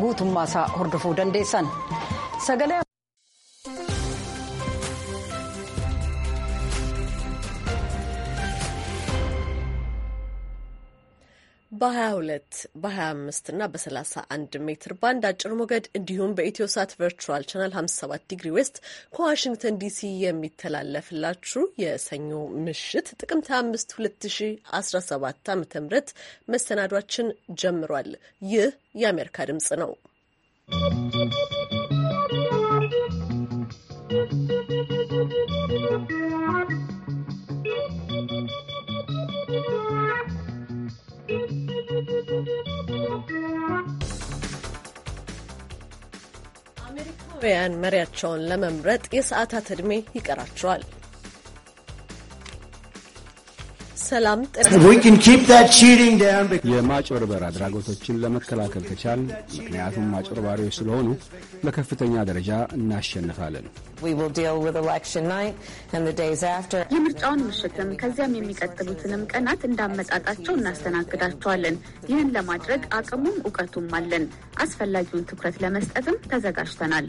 guutummaa isaa hordofuu dandeessan. በ22 በ25 እና በ31 ሜትር ባንድ አጭር ሞገድ እንዲሁም ሳት ቨርቹዋል ቻናል 57 ዲግሪ ዌስት ከዋሽንግተን ዲሲ የሚተላለፍላችሁ የሰኞ ምሽት ጥቅምት 5 2017 ዓ ም መሰናዷችን ጀምሯል። ይህ የአሜሪካ ድምጽ ነው። ኢትዮጵያውያን መሪያቸውን ለመምረጥ የሰዓታት ዕድሜ ይቀራቸዋል። ሰላም የማጭበርበር አድራጎቶችን ለመከላከል ከቻል፣ ምክንያቱም ማጭበርባሪዎች ስለሆኑ በከፍተኛ ደረጃ እናሸንፋለን። የምርጫውን ምሽትም ከዚያም የሚቀጥሉትንም ቀናት እንዳመጣጣቸው እናስተናግዳቸዋለን። ይህን ለማድረግ አቅሙም እውቀቱም አለን። አስፈላጊውን ትኩረት ለመስጠትም ተዘጋጅተናል።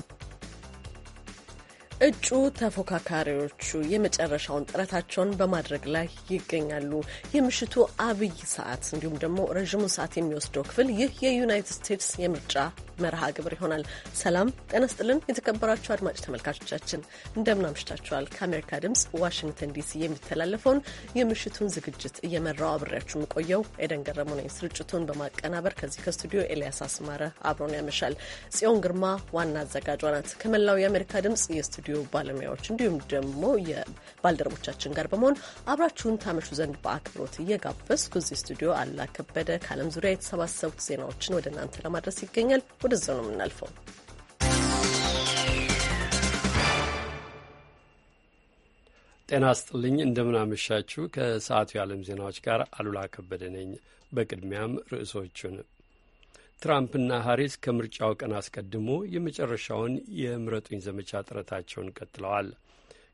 እጩ ተፎካካሪዎቹ የመጨረሻውን ጥረታቸውን በማድረግ ላይ ይገኛሉ። የምሽቱ አብይ ሰዓት እንዲሁም ደግሞ ረዥሙን ሰዓት የሚወስደው ክፍል ይህ የዩናይትድ ስቴትስ የምርጫ መርሃ ግብር ይሆናል። ሰላም ጤና ስጥልን። የተከበራችሁ አድማጭ ተመልካቾቻችን እንደምን አምሽታችኋል? ከአሜሪካ ድምጽ ዋሽንግተን ዲሲ የሚተላለፈውን የምሽቱን ዝግጅት እየመራው አብሬያችሁ የምቆየው ኤደን ገረሙ ነኝ። ስርጭቱን በማቀናበር ከዚህ ከስቱዲዮ ኤልያስ አስማረ አብሮን ያመሻል። ጽዮን ግርማ ዋና አዘጋጇ ናት። ከመላው የአሜሪካ ድምጽ የስቱዲዮ ባለሙያዎች እንዲሁም ደግሞ የባልደረቦቻችን ጋር በመሆን አብራችሁን ታመሹ ዘንድ በአክብሮት እየጋበዝኩ እዚህ ስቱዲዮ አላ ከበደ ከዓለም ዙሪያ የተሰባሰቡት ዜናዎችን ወደ እናንተ ለማድረስ ይገኛል። ወደዛው ነው የምናልፈው። ጤና ስጥልኝ፣ እንደምናመሻችሁ። ከሰዓቱ የዓለም ዜናዎች ጋር አሉላ ከበደ ነኝ። በቅድሚያም ርዕሶቹን ትራምፕና ሀሪስ ከምርጫው ቀን አስቀድሞ የመጨረሻውን የምረጡኝ ዘመቻ ጥረታቸውን ቀጥለዋል።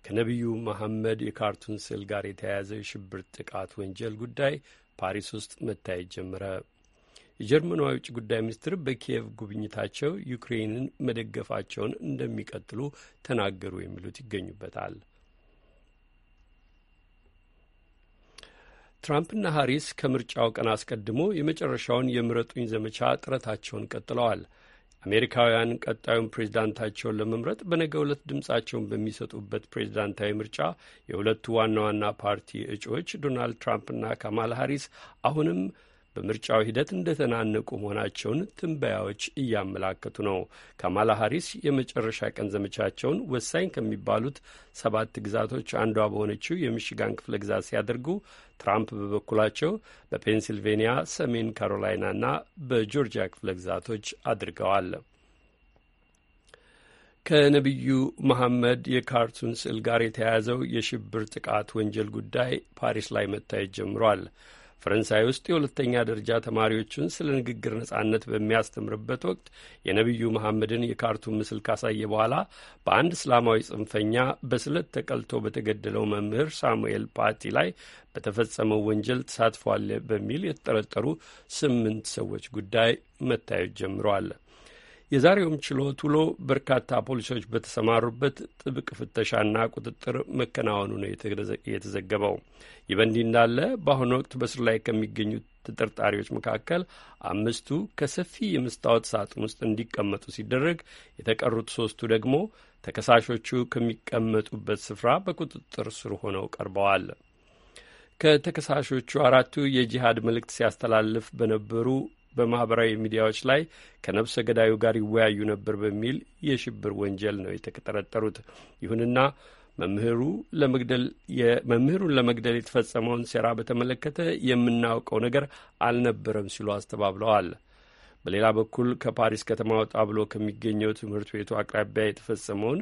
ከነቢዩ መሐመድ የካርቱን ስዕል ጋር የተያያዘ የሽብር ጥቃት ወንጀል ጉዳይ ፓሪስ ውስጥ መታየት ጀመረ። የጀርመኗ የውጭ ጉዳይ ሚኒስትር በኪየቭ ጉብኝታቸው ዩክሬንን መደገፋቸውን እንደሚቀጥሉ ተናገሩ የሚሉት ይገኙበታል። ትራምፕና ሀሪስ ከምርጫው ቀን አስቀድሞ የመጨረሻውን የምረጡኝ ዘመቻ ጥረታቸውን ቀጥለዋል። አሜሪካውያን ቀጣዩን ፕሬዝዳንታቸውን ለመምረጥ በነገ ዕለት ድምጻቸውን በሚሰጡበት ፕሬዝዳንታዊ ምርጫ የሁለቱ ዋና ዋና ፓርቲ እጩዎች ዶናልድ ትራምፕና ካማላ ሀሪስ አሁንም በምርጫው ሂደት እንደተናነቁ መሆናቸውን ትንበያዎች እያመላከቱ ነው። ካማላ ሀሪስ የመጨረሻ ቀን ዘመቻቸውን ወሳኝ ከሚባሉት ሰባት ግዛቶች አንዷ በሆነችው የሚሽጋን ክፍለ ግዛት ሲያደርጉ ትራምፕ በበኩላቸው በፔንሲልቬንያ፣ ሰሜን ካሮላይና እና በጆርጂያ ክፍለ ግዛቶች አድርገዋል። ከነቢዩ መሐመድ የካርቱን ስዕል ጋር የተያያዘው የሽብር ጥቃት ወንጀል ጉዳይ ፓሪስ ላይ መታየት ጀምሯል። ፈረንሳይ ውስጥ የሁለተኛ ደረጃ ተማሪዎቹን ስለ ንግግር ነጻነት በሚያስተምርበት ወቅት የነቢዩ መሐመድን የካርቱን ምስል ካሳየ በኋላ በአንድ እስላማዊ ጽንፈኛ በስለት ተቀልቶ በተገደለው መምህር ሳሙኤል ፓቲ ላይ በተፈጸመው ወንጀል ተሳትፏል በሚል የተጠረጠሩ ስምንት ሰዎች ጉዳይ መታየት ጀምረዋል። የዛሬውም ችሎት ውሎ በርካታ ፖሊሶች በተሰማሩበት ጥብቅ ፍተሻና ቁጥጥር መከናወኑ ነው የተዘገበው። ይህ በእንዲህ እንዳለ በአሁኑ ወቅት በእስር ላይ ከሚገኙት ተጠርጣሪዎች መካከል አምስቱ ከሰፊ የመስታወት ሳጥን ውስጥ እንዲቀመጡ ሲደረግ፣ የተቀሩት ሶስቱ ደግሞ ተከሳሾቹ ከሚቀመጡበት ስፍራ በቁጥጥር ስር ሆነው ቀርበዋል። ከተከሳሾቹ አራቱ የጂሃድ መልእክት ሲያስተላልፍ በነበሩ በማኅበራዊ ሚዲያዎች ላይ ከነፍሰ ገዳዩ ጋር ይወያዩ ነበር በሚል የሽብር ወንጀል ነው የተጠረጠሩት። ይሁንና መምህሩ ለመግደል መምህሩን ለመግደል የተፈጸመውን ሴራ በተመለከተ የምናውቀው ነገር አልነበረም ሲሉ አስተባብለዋል። በሌላ በኩል ከፓሪስ ከተማ ወጣ ብሎ ከሚገኘው ትምህርት ቤቱ አቅራቢያ የተፈጸመውን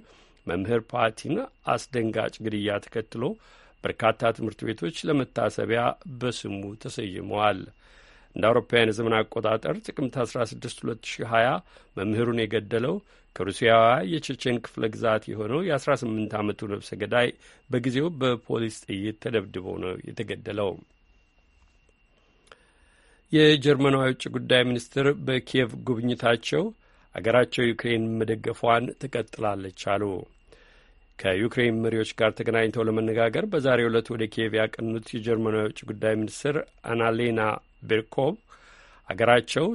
መምህር ፓቲን አስደንጋጭ ግድያ ተከትሎ በርካታ ትምህርት ቤቶች ለመታሰቢያ በስሙ ተሰይመዋል። እንደ አውሮፓውያን የዘመን አቆጣጠር ጥቅምት 16 2020 መምህሩን የገደለው ከሩሲያዋ የቼቼን ክፍለ ግዛት የሆነው የ18 ዓመቱ ነብሰ ገዳይ በጊዜው በፖሊስ ጥይት ተደብድቦ ነው የተገደለው። የጀርመናዊ ውጭ ጉዳይ ሚኒስትር በኪየቭ ጉብኝታቸው አገራቸው ዩክሬን መደገፏን ትቀጥላለች አሉ። ከዩክሬን መሪዎች ጋር ተገናኝተው ለመነጋገር በዛሬው ዕለት ወደ ኪየቭ ያቀኑት የጀርመናዊ ውጭ ጉዳይ ሚኒስትር አናሌና ቢርኮቭ አገራቸው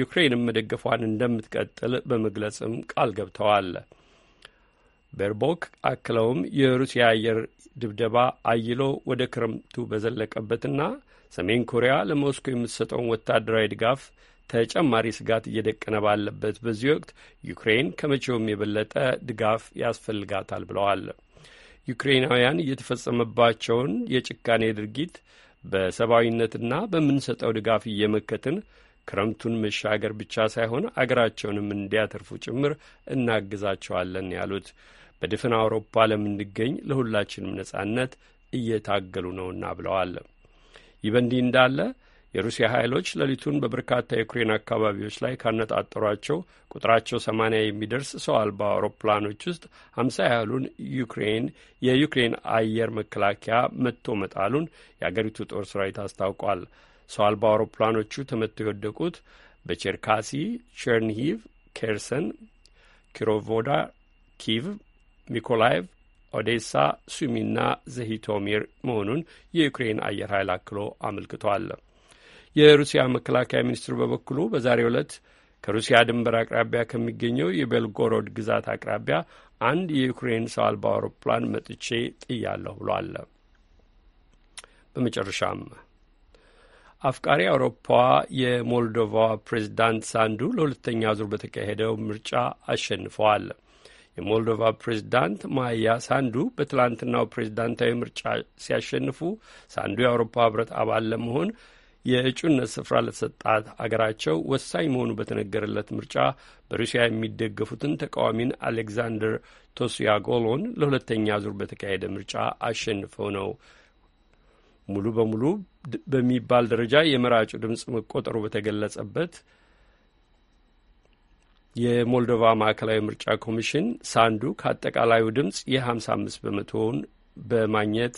ዩክሬንን መደገፏን እንደምትቀጥል በመግለጽም ቃል ገብተዋል። በርቦክ አክለውም የሩሲያ አየር ድብደባ አይሎ ወደ ክረምቱ በዘለቀበትና ሰሜን ኮሪያ ለሞስኮ የምትሰጠውን ወታደራዊ ድጋፍ ተጨማሪ ስጋት እየደቀነ ባለበት በዚህ ወቅት ዩክሬን ከመቼውም የበለጠ ድጋፍ ያስፈልጋታል ብለዋል። ዩክሬናውያን እየተፈጸመባቸውን የጭካኔ ድርጊት በሰብአዊነትና በምንሰጠው ድጋፍ እየመከትን ክረምቱን መሻገር ብቻ ሳይሆን አገራቸውንም እንዲያተርፉ ጭምር እናግዛቸዋለን ያሉት በድፍን አውሮፓ ለምንገኝ ለሁላችንም ነጻነት እየታገሉ ነውና ብለዋል። ይህ በእንዲህ እንዳለ የሩሲያ ኃይሎች ሌሊቱን በበርካታ የዩክሬን አካባቢዎች ላይ ካነጣጠሯቸው ቁጥራቸው ሰማንያ የሚደርስ ሰው አልባ አውሮፕላኖች ውስጥ ሀምሳ ያህሉን ዩክሬን የዩክሬን አየር መከላከያ መጥቶ መጣሉን የአገሪቱ ጦር ሰራዊት አስታውቋል። ሰው አልባ አውሮፕላኖቹ ተመትተው የወደቁት በቼርካሲ፣ ቸርንሂቭ፣ ኬርሰን፣ ኪሮቮዳ፣ ኪቭ፣ ሚኮላይቭ ኦዴሳ፣ ሱሚና ዘሂቶሚር መሆኑን የዩክሬን አየር ኃይል አክሎ አመልክቷል። የሩሲያ መከላከያ ሚኒስትር በበኩሉ በዛሬው ዕለት ከሩሲያ ድንበር አቅራቢያ ከሚገኘው የቤልጎሮድ ግዛት አቅራቢያ አንድ የዩክሬን ሰው አልባ አውሮፕላን መጥቼ ጥያለሁ ብሏል። በመጨረሻም አፍቃሪ አውሮፓዋ የሞልዶቫ ፕሬዚዳንት ሳንዱ ለሁለተኛ ዙር በተካሄደው ምርጫ አሸንፈዋል። የሞልዶቫ ፕሬዚዳንት ማያ ሳንዱ በትላንትናው ፕሬዚዳንታዊ ምርጫ ሲያሸንፉ ሳንዱ የአውሮፓ ህብረት አባል ለመሆን የእጩነት ስፍራ ለተሰጣት አገራቸው ወሳኝ መሆኑ በተነገረለት ምርጫ በሩሲያ የሚደገፉትን ተቃዋሚን አሌክዛንደር ቶስያጎሎን ለሁለተኛ ዙር በተካሄደ ምርጫ አሸንፈው ነው ሙሉ በሙሉ በሚባል ደረጃ የመራጩ ድምፅ መቆጠሩ በተገለጸበት የሞልዶቫ ማዕከላዊ ምርጫ ኮሚሽን ሳንዱ ከአጠቃላዩ ድምፅ የ55 በመቶውን በማግኘት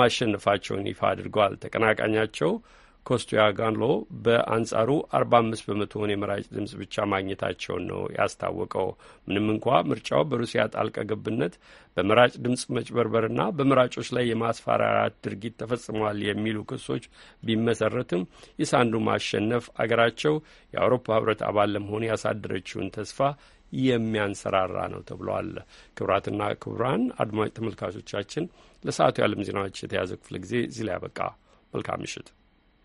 ማሸነፋቸውን ይፋ አድርገዋል። ተቀናቃኛቸው ኮስቶያጋንሎ በአንጻሩ 45 በመቶውን የመራጭ ድምፅ ብቻ ማግኘታቸውን ነው ያስታወቀው። ምንም እንኳ ምርጫው በሩሲያ ጣልቃ ገብነት በመራጭ ድምፅ መጭበርበርና በመራጮች ላይ የማስፈራራት ድርጊት ተፈጽሟል የሚሉ ክሶች ቢመሰረትም የሳንዱ ማሸነፍ አገራቸው የአውሮፓ ሕብረት አባል ለመሆን ያሳደረችውን ተስፋ የሚያንሰራራ ነው ተብሏል። ክቡራትና ክቡራን አድማጭ ተመልካቾቻችን ለሰዓቱ የዓለም ዜናዎች የተያዘ ክፍለ ጊዜ እዚህ ላይ ያበቃ። መልካም ምሽት።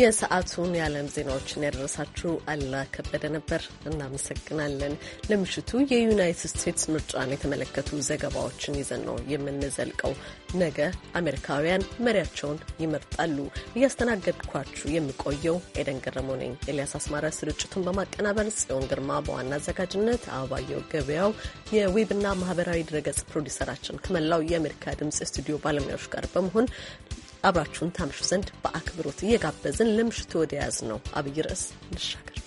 የሰዓቱን የዓለም ዜናዎችን ያደረሳችሁ አላ ከበደ ነበር። እናመሰግናለን። ለምሽቱ የዩናይትድ ስቴትስ ምርጫን የተመለከቱ ዘገባዎችን ይዘን ነው የምንዘልቀው። ነገ አሜሪካውያን መሪያቸውን ይመርጣሉ። እያስተናገድኳችሁ የሚቆየው ኤደን ገረሞ ነኝ። ኤልያስ አስማረ ስርጭቱን በማቀናበር ጽዮን ግርማ በዋና አዘጋጅነት፣ አበባየው ገበያው የዌብና ማህበራዊ ድረገጽ ፕሮዲሰራችን ከመላው የአሜሪካ ድምጽ ስቱዲዮ ባለሙያዎች ጋር በመሆን አብራችሁን ታምሹ ዘንድ በአክብሮት እየጋበዝን ለምሽቱ ወደ ያዝ ነው አብይ ርዕስ እንሻገር።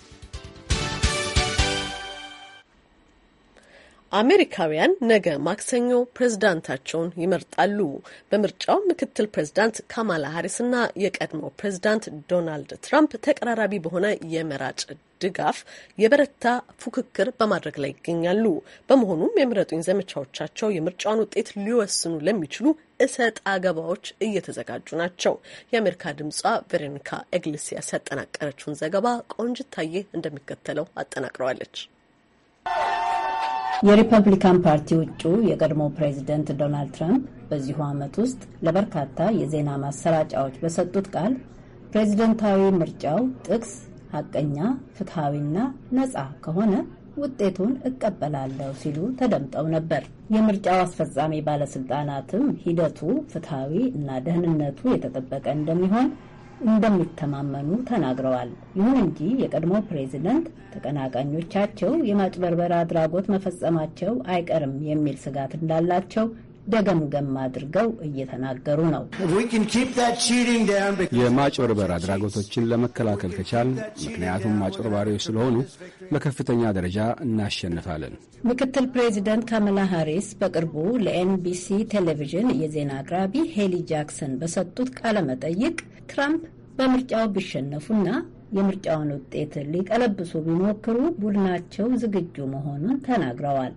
አሜሪካውያን ነገ ማክሰኞ ፕሬዝዳንታቸውን ይመርጣሉ። በምርጫው ምክትል ፕሬዝዳንት ካማላ ሀሪስና የቀድሞው ፕሬዝዳንት ዶናልድ ትራምፕ ተቀራራቢ በሆነ የመራጭ ድጋፍ የበረታ ፉክክር በማድረግ ላይ ይገኛሉ። በመሆኑም የምረጡኝ ዘመቻዎቻቸው የምርጫውን ውጤት ሊወስኑ ለሚችሉ እሰጥ አገባዎች እየተዘጋጁ ናቸው። የአሜሪካ ድምጿ ቬሮኒካ ኤግሊሲያስ ያጠናቀረችውን ዘገባ ቆንጅታዬ እንደሚከተለው አጠናቅረዋለች። የሪፐብሊካን ፓርቲ ውጩ የቀድሞ ፕሬዚደንት ዶናልድ ትራምፕ በዚሁ ዓመት ውስጥ ለበርካታ የዜና ማሰራጫዎች በሰጡት ቃል ፕሬዚደንታዊ ምርጫው ጥቅስ ሐቀኛ፣ ፍትሐዊና ነጻ ከሆነ ውጤቱን እቀበላለሁ ሲሉ ተደምጠው ነበር። የምርጫው አስፈጻሚ ባለስልጣናትም ሂደቱ ፍትሐዊ እና ደህንነቱ የተጠበቀ እንደሚሆን እንደሚተማመኑ ተናግረዋል። ይሁን እንጂ የቀድሞ ፕሬዚደንት ተቀናቃኞቻቸው የማጭበርበር አድራጎት መፈጸማቸው አይቀርም የሚል ስጋት እንዳላቸው ደገምገም አድርገው እየተናገሩ ነው። የማጭበርበር አድራጎቶችን ለመከላከል ከቻል፣ ምክንያቱም ማጭበርባሪዎች ስለሆኑ በከፍተኛ ደረጃ እናሸንፋለን። ምክትል ፕሬዚደንት ካመላ ሃሪስ በቅርቡ ለኤንቢሲ ቴሌቪዥን የዜና አቅራቢ ሄሊ ጃክሰን በሰጡት ቃለ መጠይቅ ትራምፕ በምርጫው ቢሸነፉና የምርጫውን ውጤት ሊቀለብሱ ቢሞክሩ ቡድናቸው ዝግጁ መሆኑን ተናግረዋል።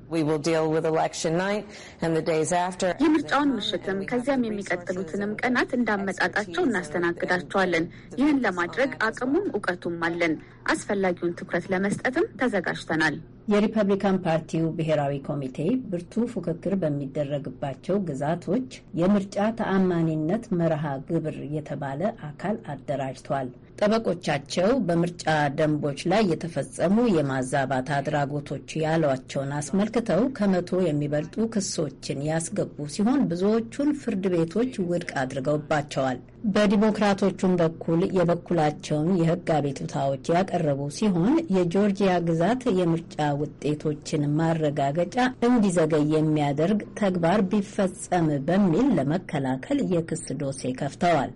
የምርጫውን ምሽትም ከዚያም የሚቀጥሉትንም ቀናት እንዳመጣጣቸው እናስተናግዳቸዋለን። ይህን ለማድረግ አቅሙም እውቀቱም አለን። አስፈላጊውን ትኩረት ለመስጠትም ተዘጋጅተናል። የሪፐብሊካን ፓርቲው ብሔራዊ ኮሚቴ ብርቱ ፉክክር በሚደረግባቸው ግዛቶች የምርጫ ተአማኒነት መርሃ ግብር የተባለ አካል አደራጅቷል። ጠበቆቻቸው በምርጫ ደንቦች ላይ የተፈጸሙ የማዛባት አድራጎቶች ያሏቸውን አስመልክተው ከመቶ የሚበልጡ ክሶችን ያስገቡ ሲሆን ብዙዎቹን ፍርድ ቤቶች ውድቅ አድርገውባቸዋል። በዲሞክራቶቹም በኩል የበኩላቸውን የሕግ አቤቱታዎች ያቀረቡ ሲሆን የጆርጂያ ግዛት የምርጫ ውጤቶችን ማረጋገጫ እንዲዘገይ የሚያደርግ ተግባር ቢፈጸም በሚል ለመከላከል የክስ ዶሴ ከፍተዋል።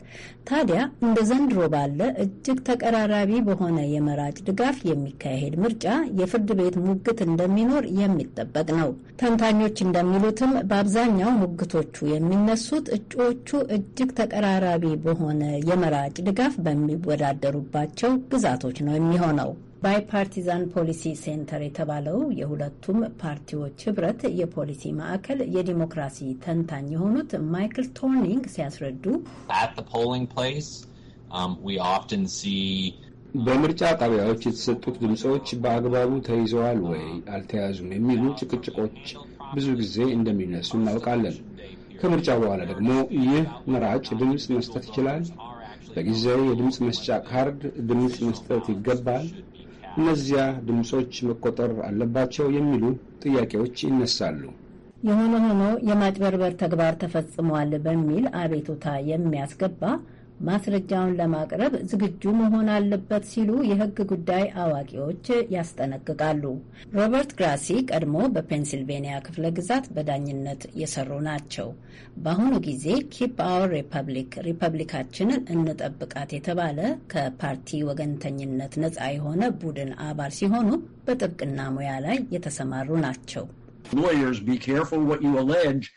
ታዲያ እንደ ዘንድሮ ባለ እጅግ ተቀራራቢ በሆነ የመራጭ ድጋፍ የሚካሄድ ምርጫ የፍርድ ቤት ሙግት እንደሚኖር የሚጠበቅ ነው። ተንታኞች እንደሚሉትም በአብዛኛው ሙግቶቹ የሚነሱት እጩዎቹ እጅግ ተቀራራቢ በሆነ የመራጭ ድጋፍ በሚወዳደሩባቸው ግዛቶች ነው የሚሆነው። ባይ ፓርቲዛን ፖሊሲ ሴንተር የተባለው የሁለቱም ፓርቲዎች ህብረት የፖሊሲ ማዕከል የዲሞክራሲ ተንታኝ የሆኑት ማይክል ቶርኒንግ ሲያስረዱ Um, በምርጫ ጣቢያዎች የተሰጡት ድምፆች በአግባቡ ተይዘዋል ወይ አልተያዙም የሚሉ ጭቅጭቆች ብዙ ጊዜ እንደሚነሱ እናውቃለን። ከምርጫ በኋላ ደግሞ ይህ መራጭ ድምፅ መስጠት ይችላል፣ በጊዜ የድምፅ መስጫ ካርድ ድምፅ መስጠት ይገባል፣ እነዚያ ድምፆች መቆጠር አለባቸው የሚሉ ጥያቄዎች ይነሳሉ። የሆነ ሆኖ የማጭበርበር ተግባር ተፈጽሟል በሚል አቤቱታ የሚያስገባ ማስረጃውን ለማቅረብ ዝግጁ መሆን አለበት ሲሉ የሕግ ጉዳይ አዋቂዎች ያስጠነቅቃሉ። ሮበርት ግራሲ ቀድሞ በፔንሲልቬንያ ክፍለ ግዛት በዳኝነት የሰሩ ናቸው። በአሁኑ ጊዜ ኪፕ አወር ሪፐብሊክ ሪፐብሊካችንን እንጠብቃት የተባለ ከፓርቲ ወገንተኝነት ነፃ የሆነ ቡድን አባል ሲሆኑ በጥብቅና ሙያ ላይ የተሰማሩ ናቸው።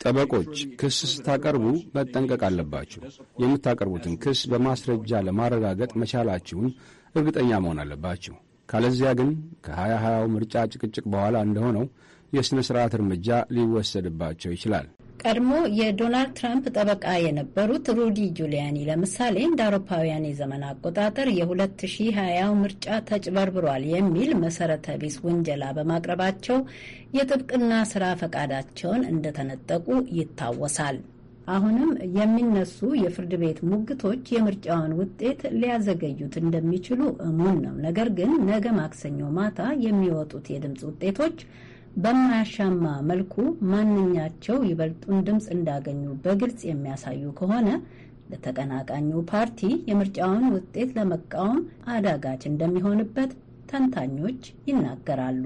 ጠበቆች ክስ ስታቀርቡ መጠንቀቅ አለባችሁ። የምታቀርቡትን ክስ በማስረጃ ለማረጋገጥ መቻላችሁን እርግጠኛ መሆን አለባችሁ። ካለዚያ ግን ከሀያ ሀያው ምርጫ ጭቅጭቅ በኋላ እንደሆነው የሥነ ሥርዓት እርምጃ ሊወሰድባቸው ይችላል። ቀድሞ የዶናልድ ትራምፕ ጠበቃ የነበሩት ሩዲ ጁሊያኒ ለምሳሌ እንደ አውሮፓውያን የዘመን አቆጣጠር የ2020 ምርጫ ተጭበርብሯል የሚል መሰረተ ቢስ ውንጀላ በማቅረባቸው የጥብቅና ስራ ፈቃዳቸውን እንደተነጠቁ ይታወሳል። አሁንም የሚነሱ የፍርድ ቤት ሙግቶች የምርጫውን ውጤት ሊያዘገዩት እንደሚችሉ እሙን ነው። ነገር ግን ነገ ማክሰኞ ማታ የሚወጡት የድምፅ ውጤቶች በማያሻማ መልኩ ማንኛቸው ይበልጡን ድምፅ እንዳገኙ በግልጽ የሚያሳዩ ከሆነ ለተቀናቃኙ ፓርቲ የምርጫውን ውጤት ለመቃወም አዳጋች እንደሚሆንበት ተንታኞች ይናገራሉ።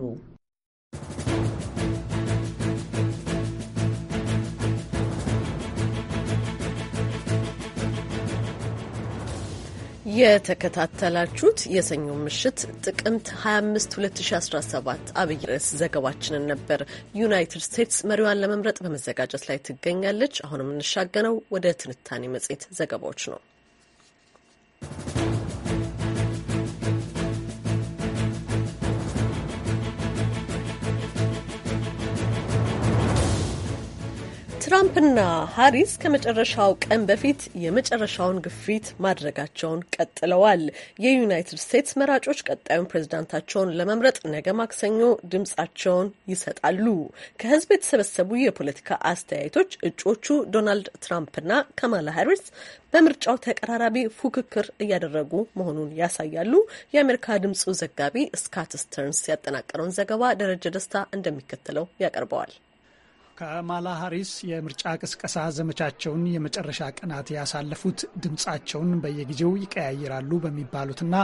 የተከታተላችሁት የሰኞ ምሽት ጥቅምት 25 2017 አብይ ርዕስ ዘገባችንን ነበር። ዩናይትድ ስቴትስ መሪዋን ለመምረጥ በመዘጋጀት ላይ ትገኛለች። አሁን የምንሻገረው ወደ ትንታኔ መጽሔት ዘገባዎች ነው። ትራምፕና ሀሪስ ከመጨረሻው ቀን በፊት የመጨረሻውን ግፊት ማድረጋቸውን ቀጥለዋል። የዩናይትድ ስቴትስ መራጮች ቀጣዩን ፕሬዝዳንታቸውን ለመምረጥ ነገ ማክሰኞ ድምጻቸውን ይሰጣሉ። ከህዝብ የተሰበሰቡ የፖለቲካ አስተያየቶች እጩዎቹ ዶናልድ ትራምፕና ካማላ ሀሪስ በምርጫው ተቀራራቢ ፉክክር እያደረጉ መሆኑን ያሳያሉ። የአሜሪካ ድምጹ ዘጋቢ ስካት ስተርንስ ያጠናቀረውን ዘገባ ደረጀ ደስታ እንደሚከተለው ያቀርበዋል። ከማላ ሀሪስ የምርጫ ቅስቀሳ ዘመቻቸውን የመጨረሻ ቀናት ያሳለፉት ድምፃቸውን በየጊዜው ይቀያይራሉ በሚባሉትና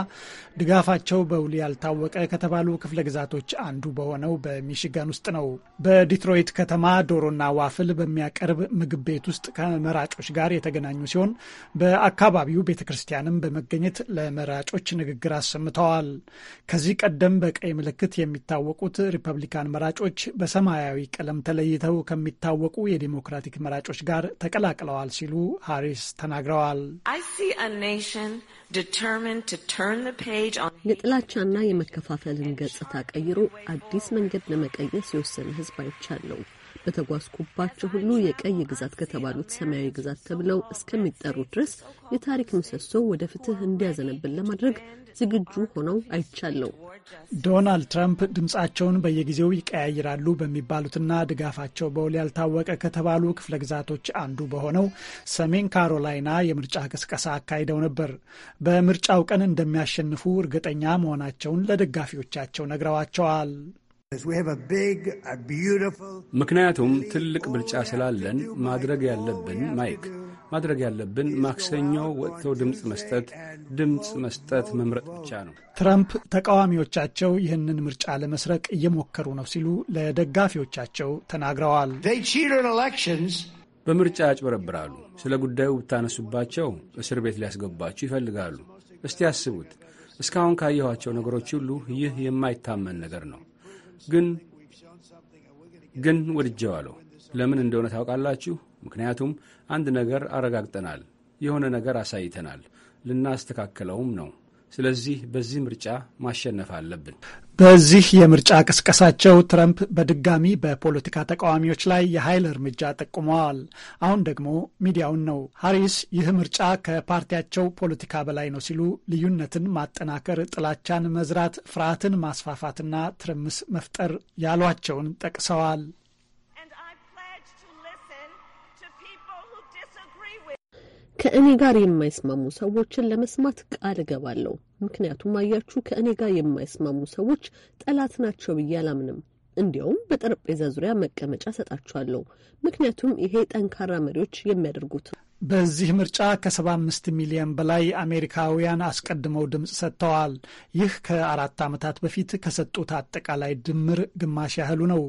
ድጋፋቸው በውል ያልታወቀ ከተባሉ ክፍለ ግዛቶች አንዱ በሆነው በሚሽጋን ውስጥ ነው። በዲትሮይት ከተማ ዶሮና ዋፍል በሚያቀርብ ምግብ ቤት ውስጥ ከመራጮች ጋር የተገናኙ ሲሆን በአካባቢው ቤተ ክርስቲያንም በመገኘት ለመራጮች ንግግር አሰምተዋል። ከዚህ ቀደም በቀይ ምልክት የሚታወቁት ሪፐብሊካን መራጮች በሰማያዊ ቀለም ተለይተው ከሚታወቁ የዴሞክራቲክ መራጮች ጋር ተቀላቅለዋል ሲሉ ሃሪስ ተናግረዋል። የጥላቻና የመከፋፈልን ገጽታ ቀይሮ አዲስ መንገድ ለመቀየስ የወሰነ ህዝብ አይቻለሁ። በተጓዝኩባቸው ሁሉ የቀይ ግዛት ከተባሉት ሰማያዊ ግዛት ተብለው እስከሚጠሩ ድረስ የታሪክ ምሰሶ ወደ ፍትህ እንዲያዘነብን ለማድረግ ዝግጁ ሆነው አይቻለሁ። ዶናልድ ትራምፕ ድምፃቸውን በየጊዜው ይቀያይራሉ በሚባሉትና ድጋፋቸው በውል ያልታወቀ ከተባሉ ክፍለ ግዛቶች አንዱ በሆነው ሰሜን ካሮላይና የምርጫ ቅስቀሳ አካሂደው ነበር። በምርጫው ቀን እንደሚያሸንፉ እርግጠኛ መሆናቸውን ለደጋፊዎቻቸው ነግረዋቸዋል። ምክንያቱም ትልቅ ብልጫ ስላለን ማድረግ ያለብን ማይክ ማድረግ ያለብን ማክሰኞ ወጥተው ድምፅ መስጠት ድምፅ መስጠት መምረጥ ብቻ ነው። ትራምፕ ተቃዋሚዎቻቸው ይህንን ምርጫ ለመስረቅ እየሞከሩ ነው ሲሉ ለደጋፊዎቻቸው ተናግረዋል። በምርጫ ያጭበረብራሉ። ስለ ጉዳዩ ብታነሱባቸው እስር ቤት ሊያስገባችሁ ይፈልጋሉ። እስቲ ያስቡት። እስካሁን ካየኋቸው ነገሮች ሁሉ ይህ የማይታመን ነገር ነው። ግን ግን ወድጀዋለሁ። ለምን እንደሆነ ታውቃላችሁ? ምክንያቱም አንድ ነገር አረጋግጠናል፣ የሆነ ነገር አሳይተናል፣ ልናስተካከለውም ነው። ስለዚህ በዚህ ምርጫ ማሸነፍ አለብን። በዚህ የምርጫ ቅስቀሳቸው ትረምፕ በድጋሚ በፖለቲካ ተቃዋሚዎች ላይ የኃይል እርምጃ ጠቁመዋል። አሁን ደግሞ ሚዲያውን ነው። ሀሪስ ይህ ምርጫ ከፓርቲያቸው ፖለቲካ በላይ ነው ሲሉ ልዩነትን ማጠናከር፣ ጥላቻን መዝራት፣ ፍርሃትን ማስፋፋትና ትርምስ መፍጠር ያሏቸውን ጠቅሰዋል። ከእኔ ጋር የማይስማሙ ሰዎችን ለመስማት ቃል እገባለሁ። ምክንያቱም አያችሁ፣ ከእኔ ጋር የማይስማሙ ሰዎች ጠላት ናቸው ብዬ አላምንም። እንዲያውም በጠረጴዛ ዙሪያ መቀመጫ ሰጣችኋለሁ። ምክንያቱም ይሄ ጠንካራ መሪዎች የሚያደርጉት። በዚህ ምርጫ ከ75 ሚሊዮን በላይ አሜሪካውያን አስቀድመው ድምፅ ሰጥተዋል። ይህ ከአራት ዓመታት በፊት ከሰጡት አጠቃላይ ድምር ግማሽ ያህሉ ነው።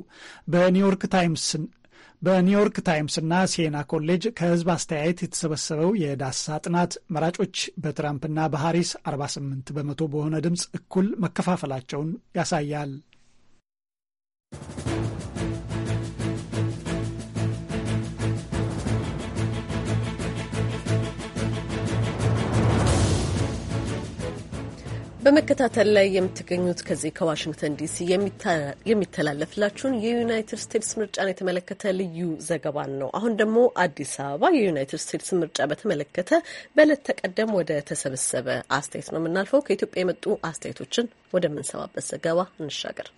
በኒውዮርክ ታይምስ በኒውዮርክ ታይምስና ሲየና ኮሌጅ ከህዝብ አስተያየት የተሰበሰበው የዳሳ ጥናት መራጮች በትራምፕና በሃሪስ 48 በመቶ በሆነ ድምፅ እኩል መከፋፈላቸውን ያሳያል። በመከታተል ላይ የምትገኙት ከዚህ ከዋሽንግተን ዲሲ የሚተላለፍላችሁን የዩናይትድ ስቴትስ ምርጫን የተመለከተ ልዩ ዘገባን ነው። አሁን ደግሞ አዲስ አበባ የዩናይትድ ስቴትስ ምርጫ በተመለከተ በዕለት ተቀደም ወደ ተሰበሰበ አስተያየት ነው የምናልፈው። ከኢትዮጵያ የመጡ አስተያየቶችን ወደምንሰባበት ዘገባ እንሻገር።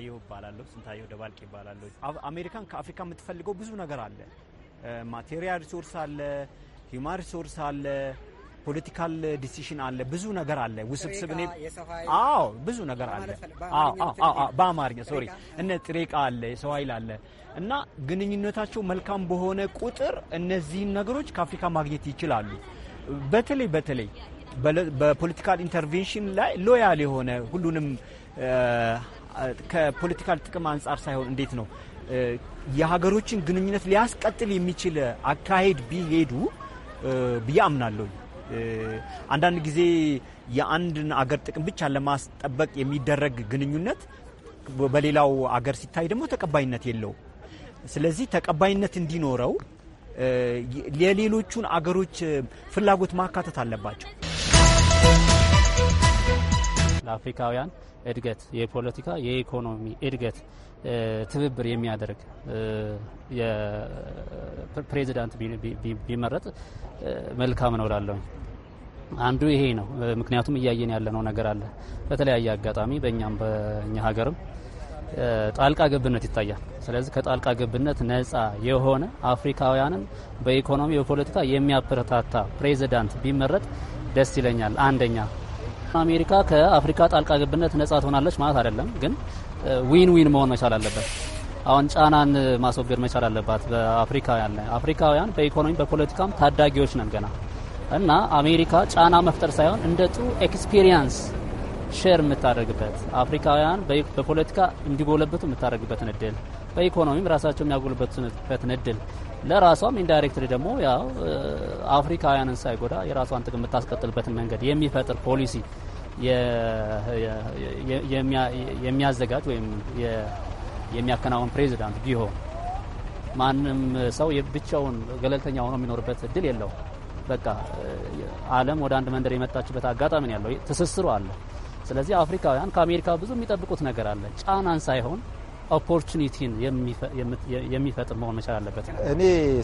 ስንታየው እባላለሁ። ስንታየው ደባልቅ ይባላለሁ። አሜሪካን ከአፍሪካ የምትፈልገው ብዙ ነገር አለ። ማቴሪያል ሪሶርስ አለ፣ ሂውማን ሪሶርስ አለ፣ ፖለቲካል ዲሲሽን አለ፣ ብዙ ነገር አለ። ውስብስብ ነው። አዎ ብዙ ነገር አለ። በአማርኛ ሶሪ፣ እነ ጥሬ ዕቃ አለ፣ የሰው ኃይል አለ። እና ግንኙነታቸው መልካም በሆነ ቁጥር እነዚህን ነገሮች ከአፍሪካ ማግኘት ይችላሉ። በተለይ በተለይ በፖለቲካል ኢንተርቬንሽን ላይ ሎያል የሆነ ሁሉንም ከፖለቲካል ጥቅም አንጻር ሳይሆን እንዴት ነው የሀገሮችን ግንኙነት ሊያስቀጥል የሚችል አካሄድ ቢሄዱ ብዬ አምናለሁ። አንዳንድ ጊዜ የአንድን አገር ጥቅም ብቻ ለማስጠበቅ የሚደረግ ግንኙነት በሌላው አገር ሲታይ ደግሞ ተቀባይነት የለው። ስለዚህ ተቀባይነት እንዲኖረው የሌሎቹን አገሮች ፍላጎት ማካተት አለባቸው። ለአፍሪካውያን እድገት የፖለቲካ የኢኮኖሚ እድገት ትብብር የሚያደርግ የፕሬዚዳንት ቢመረጥ መልካም ነው ላለሁኝ። አንዱ ይሄ ነው። ምክንያቱም እያየን ያለነው ነገር አለ። በተለያየ አጋጣሚ በእኛም በእኛ ሀገርም ጣልቃ ገብነት ይታያል። ስለዚህ ከጣልቃ ገብነት ነጻ የሆነ አፍሪካውያንን በኢኮኖሚ በፖለቲካ የሚያበረታታ ፕሬዚዳንት ቢመረጥ ደስ ይለኛል። አንደኛ አሜሪካ ከአፍሪካ ጣልቃ ግብነት ነጻ ትሆናለች ማለት አይደለም፣ ግን ዊን ዊን መሆን መቻል አለበት። አሁን ጫናን ማስወገድ መቻል አለባት። በአፍሪካ ያለ አፍሪካውያን በኢኮኖሚ በፖለቲካም ታዳጊዎች ነን ገና እና አሜሪካ ጫና መፍጠር ሳይሆን እንደ ጥሩ ኤክስፒሪየንስ ሼር የምታደርግበት አፍሪካውያን በፖለቲካ እንዲጎለበቱ የምታደርግበትን እድል በኢኮኖሚም ራሳቸው የሚያጎልበትን እድል ለራሷም ኢንዳይሬክትሪ ደግሞ ያው አፍሪካውያንን ሳይጎዳ የራሷን ጥቅም የምታስቀጥልበትን መንገድ የሚፈጥር ፖሊሲ የሚያዘጋጅ ወይም የሚያከናውን ፕሬዚዳንት ቢሆን ማንም ሰው ብቻውን ገለልተኛ ሆኖ የሚኖርበት እድል የለው። በቃ ዓለም ወደ አንድ መንደር የመጣችበት አጋጣሚ ነው ያለው፣ ትስስሩ አለ። ስለዚህ አፍሪካውያን ከአሜሪካ ብዙ የሚጠብቁት ነገር አለ ጫናን ሳይሆን ኦፖርቹኒቲን የሚፈጥር መሆን መቻል አለበት። እኔ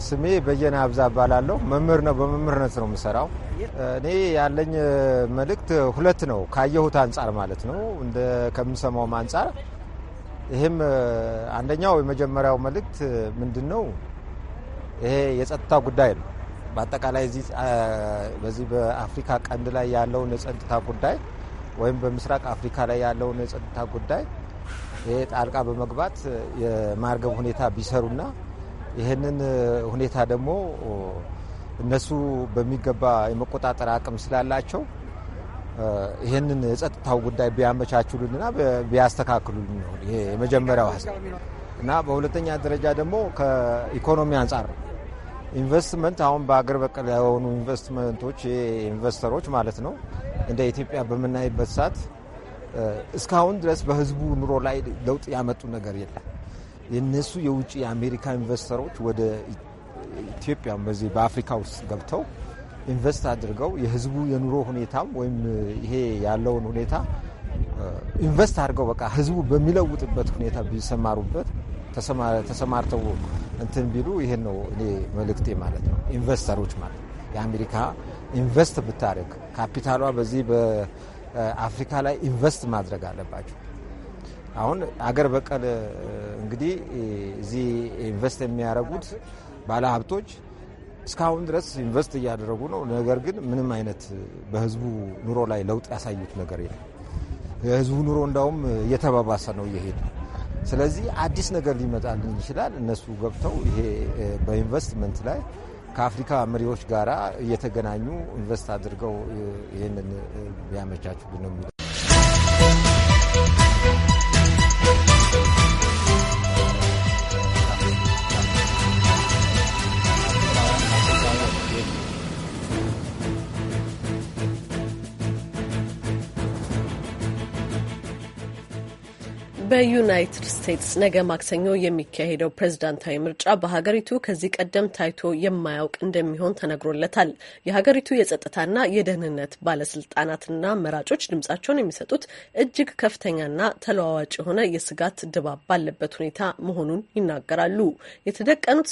ስሜ በየነ አብዛ እባላለሁ። መምህር ነው፣ በመምህርነት ነው የምሰራው። እኔ ያለኝ መልእክት ሁለት ነው፣ ካየሁት አንጻር ማለት ነው፣ እንደ ከምሰማውም አንጻር። ይህም አንደኛው የመጀመሪያው መልእክት ምንድን ነው? ይሄ የጸጥታ ጉዳይ ነው። በአጠቃላይ በዚህ በአፍሪካ ቀንድ ላይ ያለውን የጸጥታ ጉዳይ ወይም በምስራቅ አፍሪካ ላይ ያለውን የጸጥታ ጉዳይ ይሄ ጣልቃ በመግባት የማርገብ ሁኔታ ቢሰሩና ይህንን ሁኔታ ደግሞ እነሱ በሚገባ የመቆጣጠር አቅም ስላላቸው ይህንን የጸጥታው ጉዳይ ቢያመቻችሉልና ቢያስተካክሉልን ነው የመጀመሪያው ሀሳብ እና በሁለተኛ ደረጃ ደግሞ ከኢኮኖሚ አንጻር ኢንቨስትመንት አሁን በአገር በቀል የሆኑ ኢንቨስትመንቶች ኢንቨስተሮች ማለት ነው እንደ ኢትዮጵያ በምናይበት ሰዓት እስካሁን ድረስ በህዝቡ ኑሮ ላይ ለውጥ ያመጡ ነገር የለም። የነሱ የውጭ የአሜሪካ ኢንቨስተሮች ወደ ኢትዮጵያ በዚህ በአፍሪካ ውስጥ ገብተው ኢንቨስት አድርገው የህዝቡ የኑሮ ሁኔታም ወይም ይሄ ያለውን ሁኔታ ኢንቨስት አድርገው በቃ ህዝቡ በሚለውጥበት ሁኔታ ቢሰማሩበት ተሰማርተው እንትን ቢሉ ይሄን ነው እኔ መልእክቴ ማለት ነው። ኢንቨስተሮች ማለት የአሜሪካ ኢንቨስት ብታደርግ ካፒታሏ በዚህ አፍሪካ ላይ ኢንቨስት ማድረግ አለባቸው። አሁን አገር በቀል እንግዲህ እዚህ ኢንቨስት የሚያደርጉት ባለሀብቶች እስካሁን ድረስ ኢንቨስት እያደረጉ ነው። ነገር ግን ምንም አይነት በህዝቡ ኑሮ ላይ ለውጥ ያሳዩት ነገር የለም። የህዝቡ ኑሮ እንዳውም እየተባባሰ ነው እየሄደ ስለዚህ አዲስ ነገር ሊመጣልን ይችላል። እነሱ ገብተው ይሄ በኢንቨስትመንት ላይ ከአፍሪካ መሪዎች ጋር እየተገናኙ ኢንቨስት አድርገው ይህንን ቢያመቻቹ ነው። በዩናይትድ ስቴትስ ነገ ማክሰኞ የሚካሄደው ፕሬዝዳንታዊ ምርጫ በሀገሪቱ ከዚህ ቀደም ታይቶ የማያውቅ እንደሚሆን ተነግሮለታል። የሀገሪቱ የጸጥታና የደህንነት ባለስልጣናትና መራጮች ድምጻቸውን የሚሰጡት እጅግ ከፍተኛና ተለዋዋጭ የሆነ የስጋት ድባብ ባለበት ሁኔታ መሆኑን ይናገራሉ። የተደቀኑት